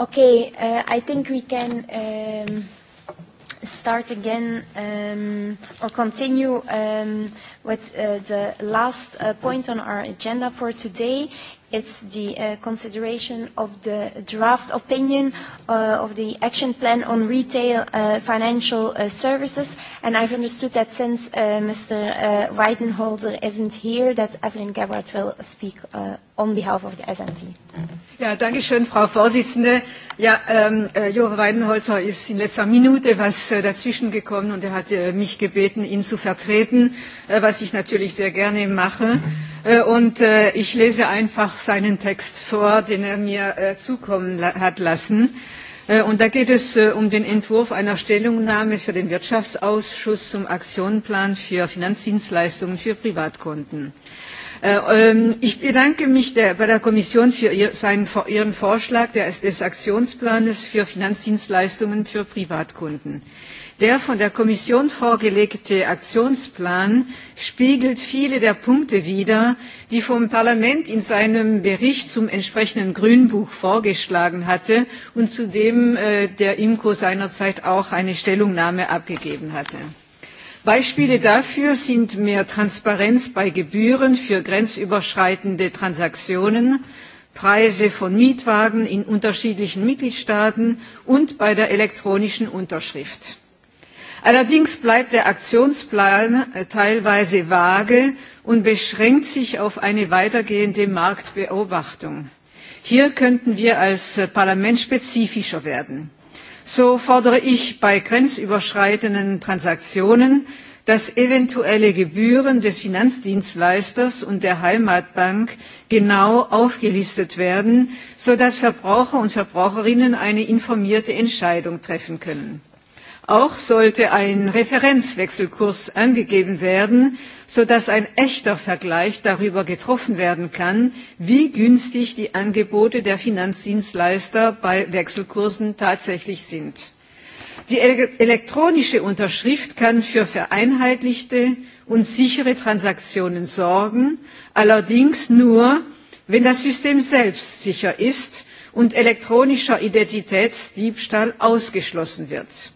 Okay, uh, I think we can um, start again um, or continue um, with uh, the last uh, point on our agenda for today. It's the uh, consideration of the draft opinion uh, of the action plan on retail uh, financial uh, services. And I've understood that since uh, Mr. Uh, Weidenholzer isn't here, that Evelyn Gebhardt will speak uh, on behalf of the SNC. Ja, danke schön, Frau Vorsitzende. Ja, ähm, äh, Jo Weidenholzer ist in letzter Minute was äh, dazwischen gekommen und er hat äh, mich gebeten, ihn zu vertreten, äh, was ich natürlich sehr gerne mache. Äh, und äh, ich lese einfach seinen Text vor, den er mir äh, zukommen la hat lassen. Äh, und da geht es äh, um den Entwurf einer Stellungnahme für den Wirtschaftsausschuss zum Aktionsplan für Finanzdienstleistungen für Privatkunden. Äh, Äh, ähm, ich bedanke mich der, bei der Kommission für ihr, seinen, ihren Vorschlag des, des Aktionsplanes für Finanzdienstleistungen für Privatkunden. Der von der Kommission vorgelegte Aktionsplan spiegelt viele der Punkte wider, die vom Parlament in seinem Bericht zum entsprechenden Grünbuch vorgeschlagen hatte und zu dem äh, der IMCO seinerzeit auch eine Stellungnahme abgegeben hatte. Beispiele dafür sind mehr Transparenz bei Gebühren für grenzüberschreitende Transaktionen, Preise von Mietwagen in unterschiedlichen Mitgliedstaaten und bei der elektronischen Unterschrift. Allerdings bleibt der Aktionsplan teilweise vage und beschränkt sich auf eine weitergehende Marktbeobachtung. Hier könnten wir als Parlament spezifischer werden so fordere ich bei grenzüberschreitenden transaktionen dass eventuelle gebühren des finanzdienstleisters und der heimatbank genau aufgelistet werden sodass verbraucher und verbraucherinnen eine informierte entscheidung treffen können. Auch sollte ein Referenzwechselkurs angegeben werden, sodass ein echter Vergleich darüber getroffen werden kann, wie günstig die Angebote der Finanzdienstleister bei Wechselkursen tatsächlich sind. Die elektronische Unterschrift kann für vereinheitlichte und sichere Transaktionen sorgen, allerdings nur, wenn das System selbst sicher ist und elektronischer Identitätsdiebstahl ausgeschlossen wird.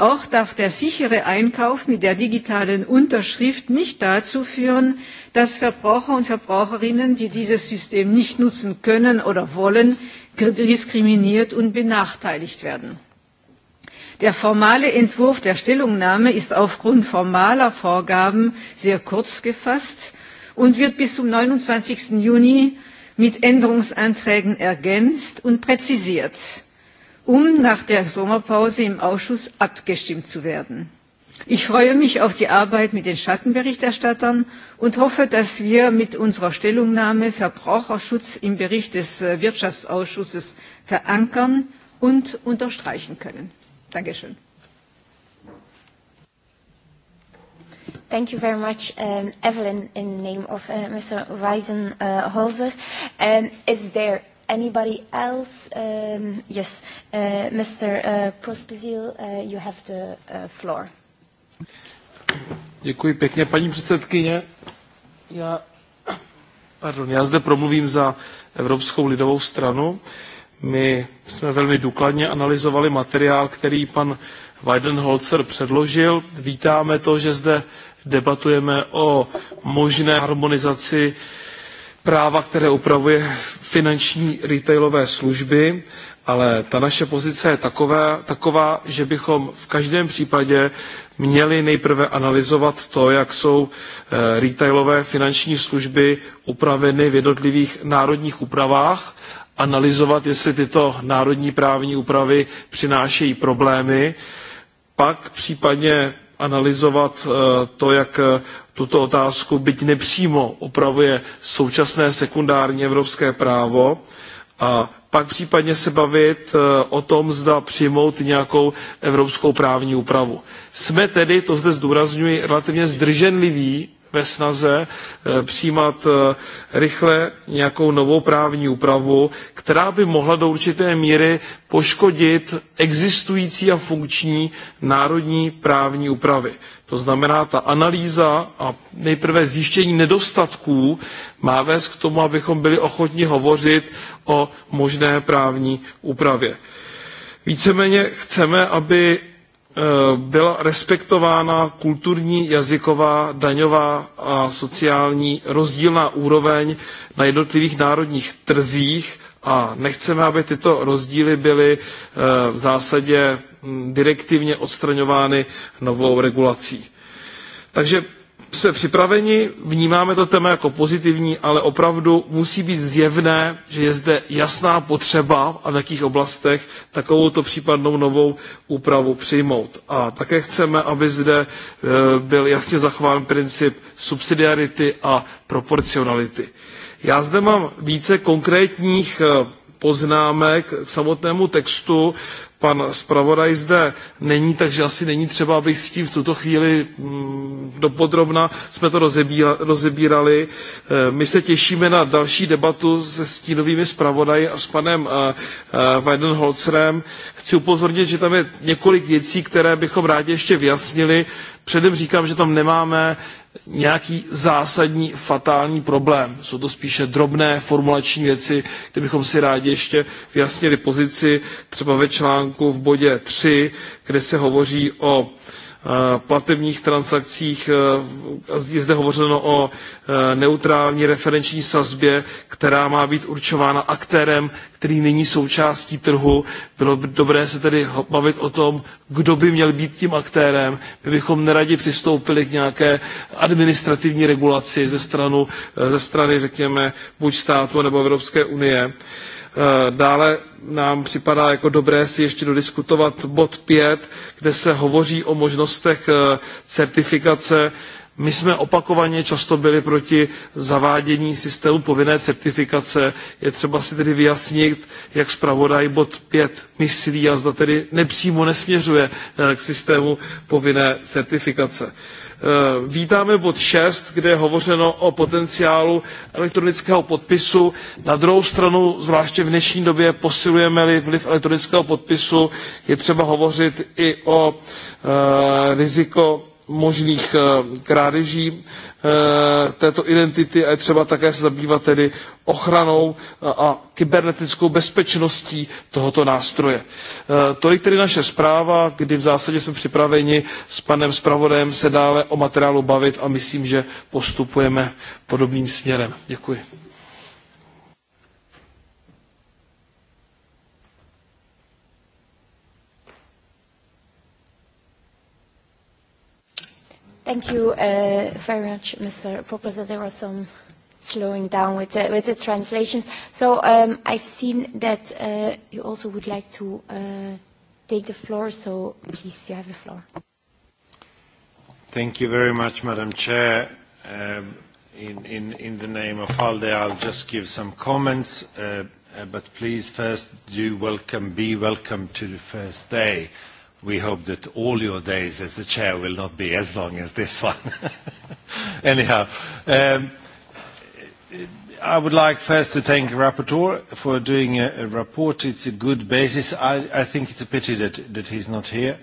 Auch darf der sichere Einkauf mit der digitalen Unterschrift nicht dazu führen, dass Verbraucher und Verbraucherinnen, die dieses System nicht nutzen können oder wollen, diskriminiert und benachteiligt werden. Der formale Entwurf der Stellungnahme ist aufgrund formaler Vorgaben sehr kurz gefasst und wird bis zum 29. Juni mit Änderungsanträgen ergänzt und präzisiert um nach der Sommerpause im Ausschuss abgestimmt zu werden. Ich freue mich auf die Arbeit mit den Schattenberichterstattern und hoffe, dass wir mit unserer Stellungnahme Verbraucherschutz im Bericht des äh, Wirtschaftsausschusses verankern und unterstreichen können. Dankeschön. Thank you very much, um, Evelyn, in name of uh, Mr. Weisenholzer. Uh, um, is there Anybody else? Um, yes, uh, Mr. Uh, Prospizil, uh, you have the uh, floor. Děkuji pěkně, paní předsedkyně. Já, pardon, já zde promluvím za Evropskou lidovou stranu. My jsme velmi důkladně analyzovali materiál, který pan Weidenholzer předložil. Vítáme to, že zde debatujeme o možné harmonizaci uh, práva, které upravuje finanční retailové služby, ale ta naše pozice je taková, taková, že bychom v každém případě měli nejprve analyzovat to, jak jsou eh, retailové finanční služby upraveny v jednotlivých národních úpravách, analyzovat, jestli tyto národní právní úpravy přinášejí problémy, pak případně analyzovat eh, to, jak tuto otázku, byť nepřímo, upravuje současné sekundární evropské právo. A pak případně se bavit o tom, zda přijmout nějakou evropskou právní úpravu. Jsme tedy, to zde zdůrazňuji, relativně zdrženliví ve snaze eh, přijímat eh, rychle nějakou novou právní úpravu, která by mohla do určité míry poškodit existující a funkční národní právní úpravy. To znamená, ta analýza a nejprve zjištění nedostatků má vést k tomu, abychom byli ochotni hovořit o možné právní úpravě. Víceméně chceme, aby Eh, byla respektována kulturní, jazyková, daňová a sociální rozdílná úroveň na jednotlivých národních trzích a nechceme, aby tyto rozdíly byly eh, v zásadě mm, direktivně odstraňovány novou regulací. Takže jsme připraveni vnímáme to téma jako pozitivní ale opravdu musí být zjevné že je zde jasná potřeba a v jakých oblastech takovouto případnou novou úpravu přijmout. a také chceme aby zde byl jasně zachován princip subsidiarity a proporcionality. já zde mám více konkrétních poznámek k samotnému textu pan zpravodaj zde není takže asi není třeba abych s tím v tuto chvíli mm, dopodrobna jsme to rozebírali. Eh, my se těšíme na další debatu se stínovými zpravodaji a s panem eh, eh, weidenholzerem. chci upozornit že tam je několik věcí které bychom rádi ještě vyjasnili. předem říkám že tam nemáme nějaký zásadní fatální problém. Jsou to spíše drobné formulační věci, kde bychom si rádi ještě vyjasnili pozici třeba ve článku článku v bodě three kde se hovoří o eh, platebních transakcích je eh, zde hovořeno o eh, neutrální referenční sazbě, která má být určována aktérem, který není součástí trhu. Bylo by dobré se tedy bavit o tom, kdo by měl být tím aktérem. My bychom neradi přistoupili k nějaké administrativní regulaci ze, strany, řekněme, buď státu nebo Evropské unie. Eh, dále nám připadá jako dobré si ještě dodiskutovat bod 5, kde se hovoří o možnostech eh, certifikace my jsme opakovaně často byli proti zavádění systému povinné certifikace je třeba si tedy vyjasnit jak zpravodaj bod five myslí a zda tedy nepřímo nesměřuje eh, k systému povinné certifikace. Eh, vítáme bod six kde je hovořeno o potenciálu elektronického podpisu na druhou stranu zvláště v dnešní době posilujeme li vliv elektronického podpisu je třeba hovořit i o eh, riziku možných eh, krádeží eh, této identity a je třeba se také zabývat tedy ochranou eh, a kybernetickou bezpečností tohoto nástroje. Tolik tedy naše zpráva, kdy v zásadě jsme připraveni s panem zpravodajem se dále o materiálu bavit a myslím, že postupujeme podobným směrem. Děkuji. Thank you uh, very much, Mr. Proposer. There was some slowing down with the, translations. So um, I've seen that uh, you also would like to uh, take the floor, so please, you have the floor. Thank you very much, Madam Chair. Um, in, the name of ALDE, I'll just give some comments, but please first do welcome, be welcome to the first day we hope that all your days as the chair will not be as long as this [LAUGHS] one. Anyhow, um, I would like first to thank the rapporteur for doing a, a report. It's a good basis. I, I think it's a pity that, that he's not here,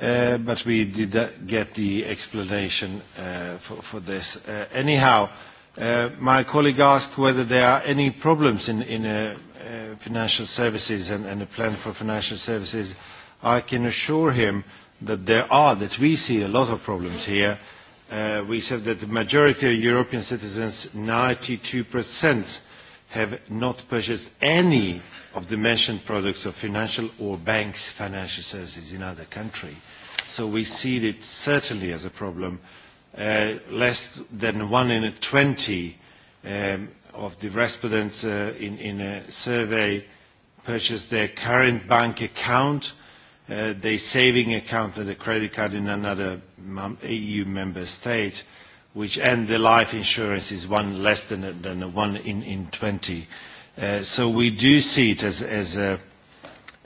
uh, but we did get the explanation uh, for, for this. Uh, anyhow, uh, my colleague asked whether there are any problems in, in uh, uh, financial services and, and the plan for financial services. Uh, I can assure him that there are, that we see a lot of problems here. Uh, we said that the majority of European citizens, 92%, have not purchased any of the mentioned products of financial or banks' financial services in other country. So we see it certainly as a problem. Uh, less than one in 20 um, of the respondents uh, in, in a survey purchased their current bank account Uh, the saving account and the credit card in another EU member state, which and the life insurance is one less than, than the one in, in 20. Uh, so we do see it as, as a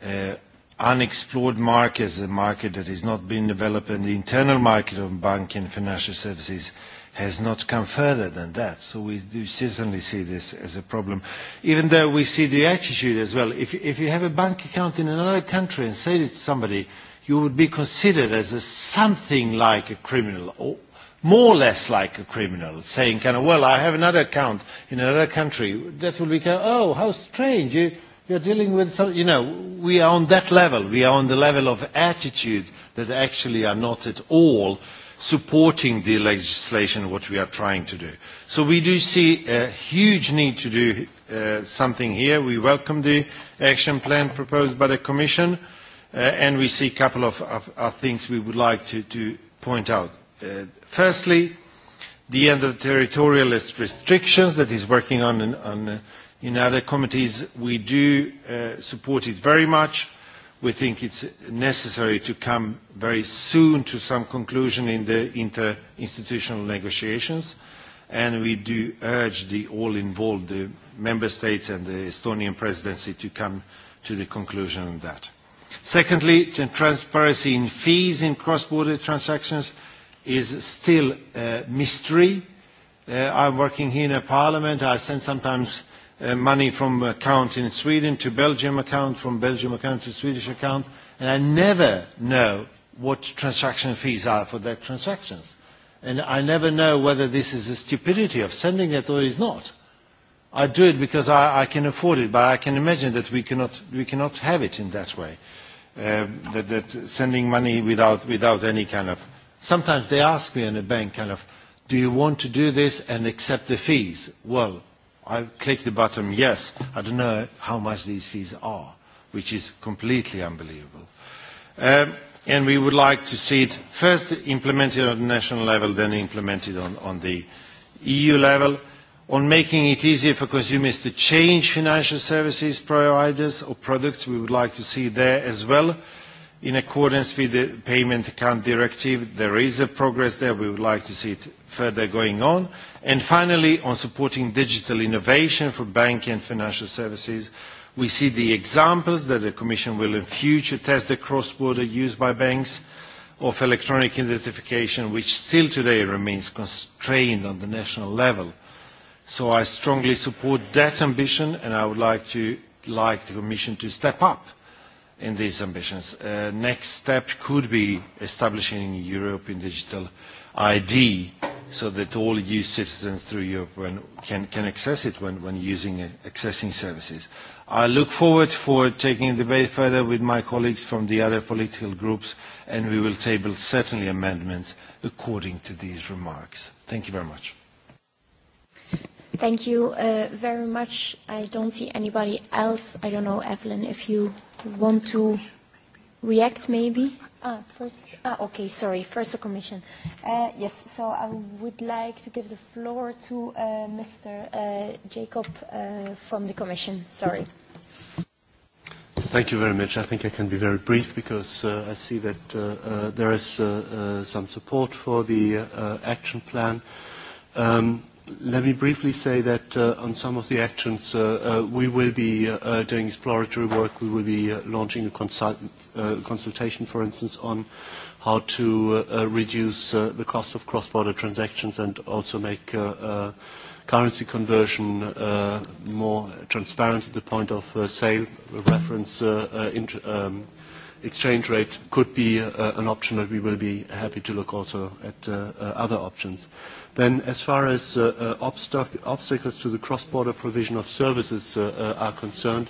uh, unexplored market, as a market that is not being developed, and the internal market of banking and financial services has not come further than that. So we do certainly see this as a problem. Even though we see the attitude as well. If, if you have a bank account in another country and say to somebody, you would be considered as a something like a criminal or more or less like a criminal, saying kind of, well, I have another account in another country. That will be kind of, oh, how strange. You, you're dealing with, some, you know, we are on that level. We are on the level of attitude that actually are not at all supporting the legislation, what we are trying to do. So we do see a huge need to do uh, something here. We welcome the action plan proposed by the Commission, uh, and we see a couple of, of, of things we would like to, to point out. Uh, firstly, the end of territorialist restrictions that is working on, on uh, in other committees. We do uh, support it very much we think it's necessary to come very soon to some conclusion in the interinstitutional negotiations, and we do urge the all involved, the member states and the Estonian presidency, to come to the conclusion on that. Secondly, the transparency in fees in cross-border transactions is still a mystery. Uh, I'm working here in a parliament. I send sometimes uh, Uh, money from account in Sweden to Belgium account, from Belgium account to Swedish account, and I never know what transaction fees are for that transactions. And I never know whether this is a stupidity of sending it or is not. I do it because I, I can afford it, but I can imagine that we cannot, we cannot have it in that way, uh, that, that sending money without, without any kind of... Sometimes they ask me in a bank kind of, do you want to do this and accept the fees? Well, I click the button yes. I don't know how much these fees are, which is completely unbelievable. Um, and we would like to see it first implemented on the national level, then implemented on, on the EU level, on making it easier for consumers to change financial services providers or products. We would like to see there as well In accordance with the Payment Account Directive, there is a progress there. We would like to see it further going on. And finally, on supporting digital innovation for banking and financial services, we see the examples that the Commission will in future test the cross-border use by banks of electronic identification, which still today remains constrained on the national level. So I strongly support that ambition, and I would like, to, like the Commission to step up in these ambitions. Uh, next step could be establishing a European digital ID so that all EU citizens through Europe when, can, can access it when, when using uh, accessing services. I look forward for taking the debate further with my colleagues from the other political groups and we will table certainly amendments according to these remarks. Thank you very much. Thank you uh, very much. I don't see anybody else. I don't know, Evelyn, if you want to react maybe? Ah, first, ah, okay, sorry, first the Commission. Uh, yes, so I would like to give the floor to uh, Mr. Uh, Jacob uh, from the Commission, sorry. Thank you very much. I think I can be very brief because uh, I see that uh, uh, there is uh, uh, some support for the uh, action plan. Um, Let me briefly say that uh, on some of the actions, uh, uh, we will be uh, uh, doing exploratory work. We will be uh, launching a consult uh, consultation, for instance, on how to uh, uh reduce uh, the cost of cross-border transactions and also make uh, uh, currency conversion uh, more transparent at the point of uh, sale. A reference uh, uh, inter um, exchange rate could be uh, an option, but we will be happy to look also at uh, uh, other options. Uh, Then as far as uh, uh, obstac obstacles to the cross-border provision of services uh, uh, are concerned,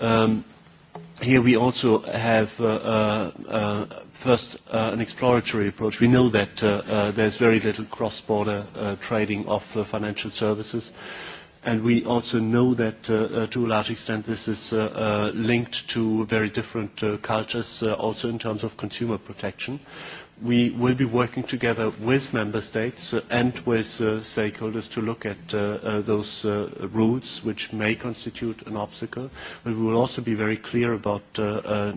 um, here we also have uh, uh, uh, first uh, an exploratory approach. We know that uh, uh, there's very little cross-border uh, trading of uh, financial services. And we also know that uh, uh, to a large extent this is uh, uh, linked to very different uh, cultures uh, also in terms of consumer protection we will be working together with member states uh, and with uh, stakeholders to look at uh, uh, those uh, rules which may constitute an obstacle. But we will also be very clear about uh, uh,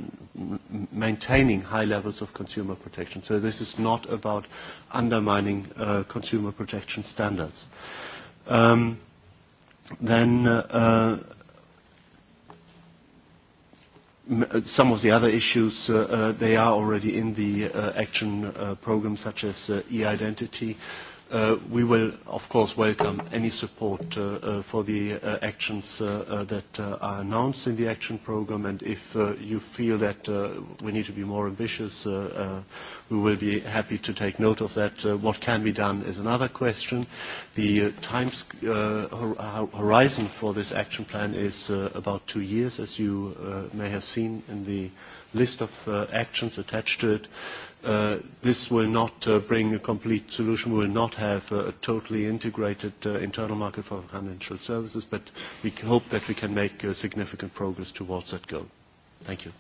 maintaining high levels of consumer protection. So this is not about undermining uh, consumer protection standards. Um, then uh, uh, Uh, some of the other issues, uh, uh, they are already in the uh, action uh, program, such as uh, e-identity. Uh, we will, of course, welcome any support uh, uh, for the uh, actions uh, uh, that uh, are announced in the action program, and if uh, you feel that uh, we need to be more ambitious uh, uh, who will be happy to take note of that. Uh, what can be done is another question. The uh, time uh, horizon for this action plan is uh, about two years, as you uh, may have seen in the list of uh, actions attached to it. Uh, this will not uh, bring a complete solution. We will not have uh, a totally integrated uh, internal market for financial services, but we hope that we can make uh, significant progress towards that goal. Thank you.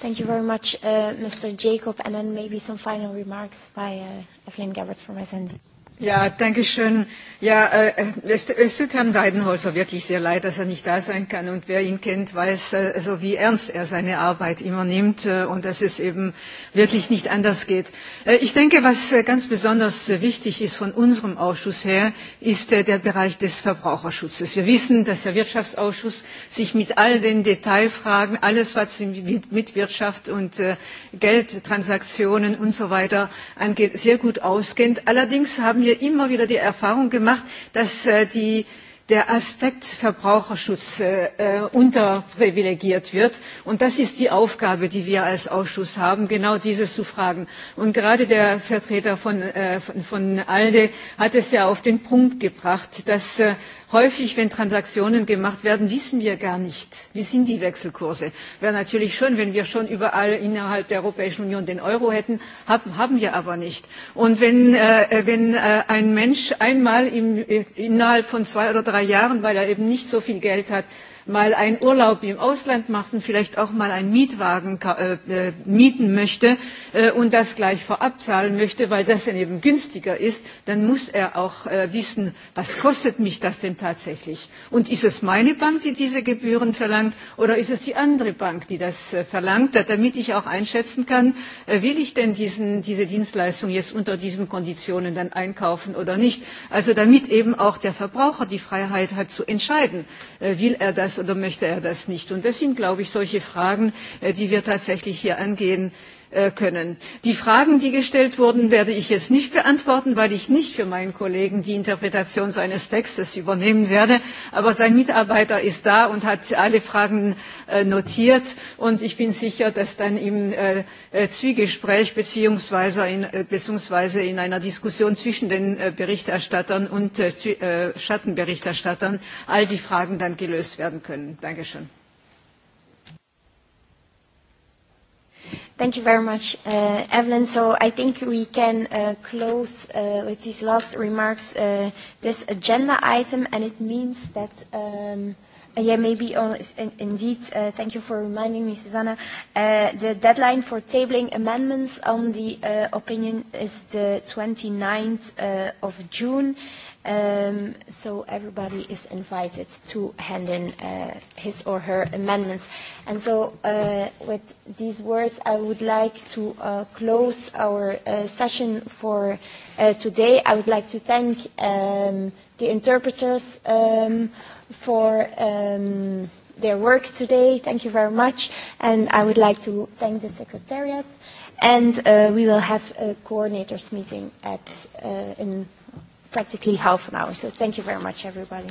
Thank you very much, uh, Mr. Jacob, and then maybe some final remarks by uh, Evelyn Gabbard from SND. Ja, danke schön. Ja, äh, es, es tut Herrn Weidenholzer wirklich sehr leid, dass er nicht da sein kann. Und wer ihn kennt, weiß, äh, also wie ernst er seine Arbeit immer nimmt äh, und dass es eben wirklich nicht anders geht. Äh, ich denke, was äh, ganz besonders äh, wichtig ist von unserem Ausschuss her, ist äh, der Bereich des Verbraucherschutzes. Wir wissen, dass der Wirtschaftsausschuss sich mit all den Detailfragen, alles was mit, mit Wirtschaft und äh, Geldtransaktionen und so weiter angeht, sehr gut auskennt. Allerdings haben wir immer wieder die Erfahrung gemacht, dass äh, die der Aspekt Verbraucherschutz äh, äh, unterprivilegiert wird. Und das ist die Aufgabe, die wir als Ausschuss haben, genau dieses zu fragen. Und gerade der Vertreter von, äh, von, von ALDE hat es ja auf den Punkt gebracht, dass äh, häufig, wenn Transaktionen gemacht werden, wissen wir gar nicht, wie sind die Wechselkurse. Wäre natürlich schön, wenn wir schon überall innerhalb der Europäischen Union den Euro hätten, haben, haben wir aber nicht. Und wenn, äh, wenn äh, ein Mensch einmal im, äh, innerhalb von zwei oder drei drei Jahren, weil er eben nicht so viel Geld hat, mal einen Urlaub im Ausland macht und vielleicht auch mal einen Mietwagen äh, äh, mieten möchte äh, und das gleich vorab zahlen möchte, weil das dann eben günstiger ist, dann muss er auch äh, wissen, was kostet mich das denn tatsächlich? Und ist es meine Bank, die diese Gebühren verlangt oder ist es die andere Bank, die das äh, verlangt, da, damit ich auch einschätzen kann, äh, will ich denn diesen, diese Dienstleistung jetzt unter diesen Konditionen dann einkaufen oder nicht? Also damit eben auch der Verbraucher die Freiheit hat zu entscheiden, äh, will er das das oder möchte er das nicht? Und das sind, glaube ich, solche Fragen, äh, die wir tatsächlich hier angehen Äh, können. Die Fragen, die gestellt wurden, werde ich jetzt nicht beantworten, weil ich nicht für meinen Kollegen die Interpretation seines Textes übernehmen werde. Aber sein Mitarbeiter ist da und hat alle Fragen äh, notiert. Und ich bin sicher, dass dann im äh, Zwiegespräch beziehungsweise in, beziehungsweise in einer Diskussion zwischen den Berichterstattern und Schattenberichterstattern all die Fragen dann gelöst werden können. Dankeschön. Thank you very much, uh, Evelyn. So I think we can uh, close uh, with these last remarks uh, this agenda item, and it means that, um, uh, yeah, maybe on, in, indeed, uh, thank you for reminding me, Susanna, uh, the deadline for tabling amendments on the uh, opinion is the 29th uh, of June. Um, so everybody is invited to hand in uh, his or her amendments. And so uh, with these words, I would like to uh, close our uh, session for uh, today. I would like to thank um, the interpreters um, for um, their work today. Thank you very much. And I would like to thank the Secretariat. And uh, we will have a coordinators meeting at, uh, in practically half an hour. So thank you very much, everybody.